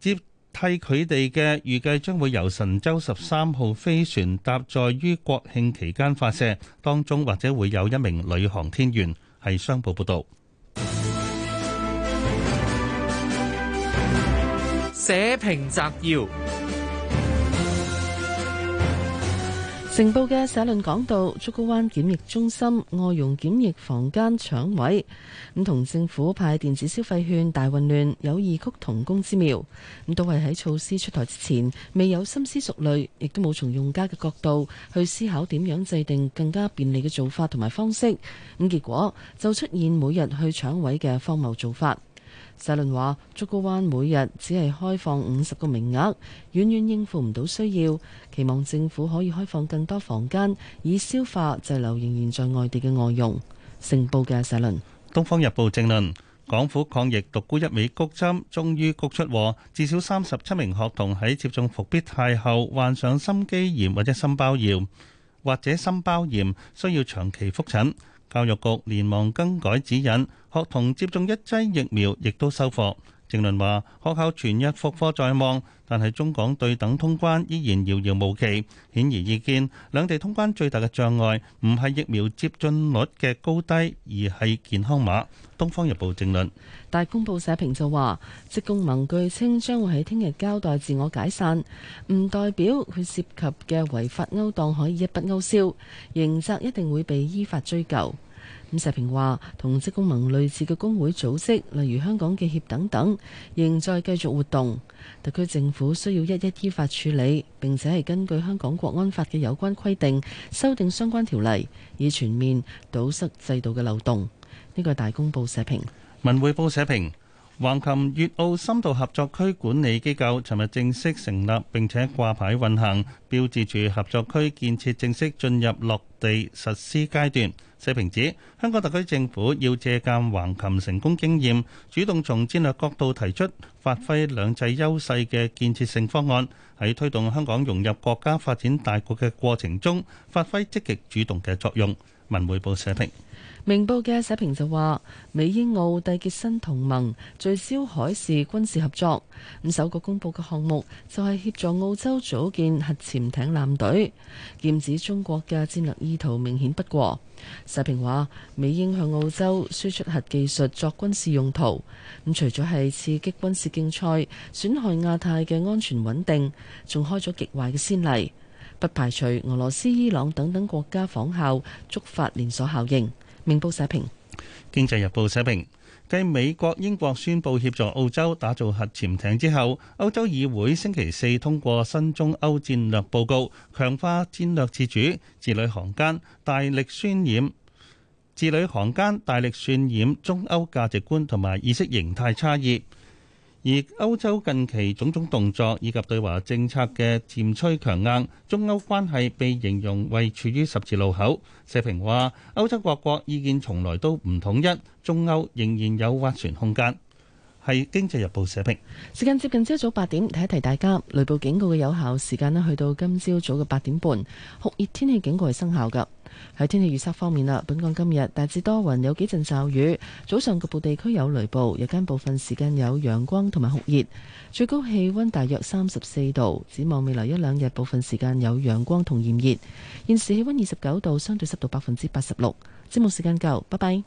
接。替佢哋嘅預計將會由神舟十三號飛船搭載於國慶期間發射，當中或者會有一名女航天員。係商報報導。社評摘要。晴報嘅社論講到，竹篙灣檢疫中心外傭檢疫房間搶位，咁同政府派電子消費券大混亂有異曲同工之妙。咁都係喺措施出台之前，未有深思熟慮，亦都冇從用家嘅角度去思考點樣制定更加便利嘅做法同埋方式。咁結果就出現每日去搶位嘅荒謬做法。社論話：竹篙灣每日只係開放五十個名額，遠遠應付唔到需要。期望政府可以開放更多房間，以消化滯留仍然在外地嘅外傭。成報嘅社論，《東方日報》正論：港府抗疫獨沽一味，谷針終於谷出禍，至少三十七名學童喺接種復必泰後患上心肌炎或者心包炎，或者心包炎需要長期覆診。教育局連忙更改指引，學童接種一劑疫苗，亦都收貨。政論話：學校全日復課在望，但係中港對等通關依然遙遙無期。顯而易見，兩地通關最大嘅障礙唔係疫苗接種率嘅高低，而係健康碼。東方日報政論。大公報社評就話：職工盟據稱將會喺聽日交代自我解散，唔代表佢涉及嘅違法勾當可以一筆勾銷，刑責一定會被依法追究。伍石平話：同職工盟類似嘅工會組織，例如香港記協等等，仍在繼續活動。特區政府需要一一依法處理，並且係根據香港國安法嘅有關規定，修訂相關條例，以全面堵塞制度嘅漏洞。呢個係大公報社評。《文匯報》社評：橫琴粵澳深度合作區管理機構尋日正式成立，並且掛牌運行，標誌住合作區建設正式進入落地實施階段。社評指，香港特區政府要借鑑橫琴成功經驗，主動從戰略角度提出發揮兩制優勢嘅建設性方案，喺推動香港融入國家發展大局嘅過程中發揮積極主動嘅作用。文匯報社評。明報嘅社評就話：美英澳締結新同盟，聚焦海事軍事合作。咁首個公佈嘅項目就係協助澳洲組建核潛艇艦隊，劍指中國嘅戰略意圖明顯不過。社評話：美英向澳洲輸出核技術作軍事用途，咁除咗係刺激軍事競賽、損害亞太嘅安全穩定，仲開咗極壞嘅先例，不排除俄羅斯、伊朗等等國家仿效，觸發連鎖效應。明報社評。《經濟日報》社評，繼美國、英國宣布協助澳洲打造核潛艇之後，歐洲議會星期四通過新中歐戰略報告，強化戰略自主，字裏行間大力渲染，字裏行間大力渲染中歐價值觀同埋意識形態差異。而歐洲近期種種動作以及對華政策嘅漸趨強硬，中歐關係被形容為處於十字路口。社評話：歐洲各國意見從來都唔統一，中歐仍然有斡旋空間。係《經濟日報》社評。時間接近朝早八點，提一提大家雷暴警告嘅有效時間呢，去到今朝早嘅八點半。酷熱天氣警告係生效嘅。喺天氣預測方面啦，本港今日大致多雲，有幾陣驟雨。早上局部地區有雷暴，日間部分時間有陽光同埋酷熱。最高氣温大約三十四度。展望未來一兩日，部分時間有陽光同炎熱。現時氣温二十九度，相對濕度百分之八十六。節目時間夠，拜拜。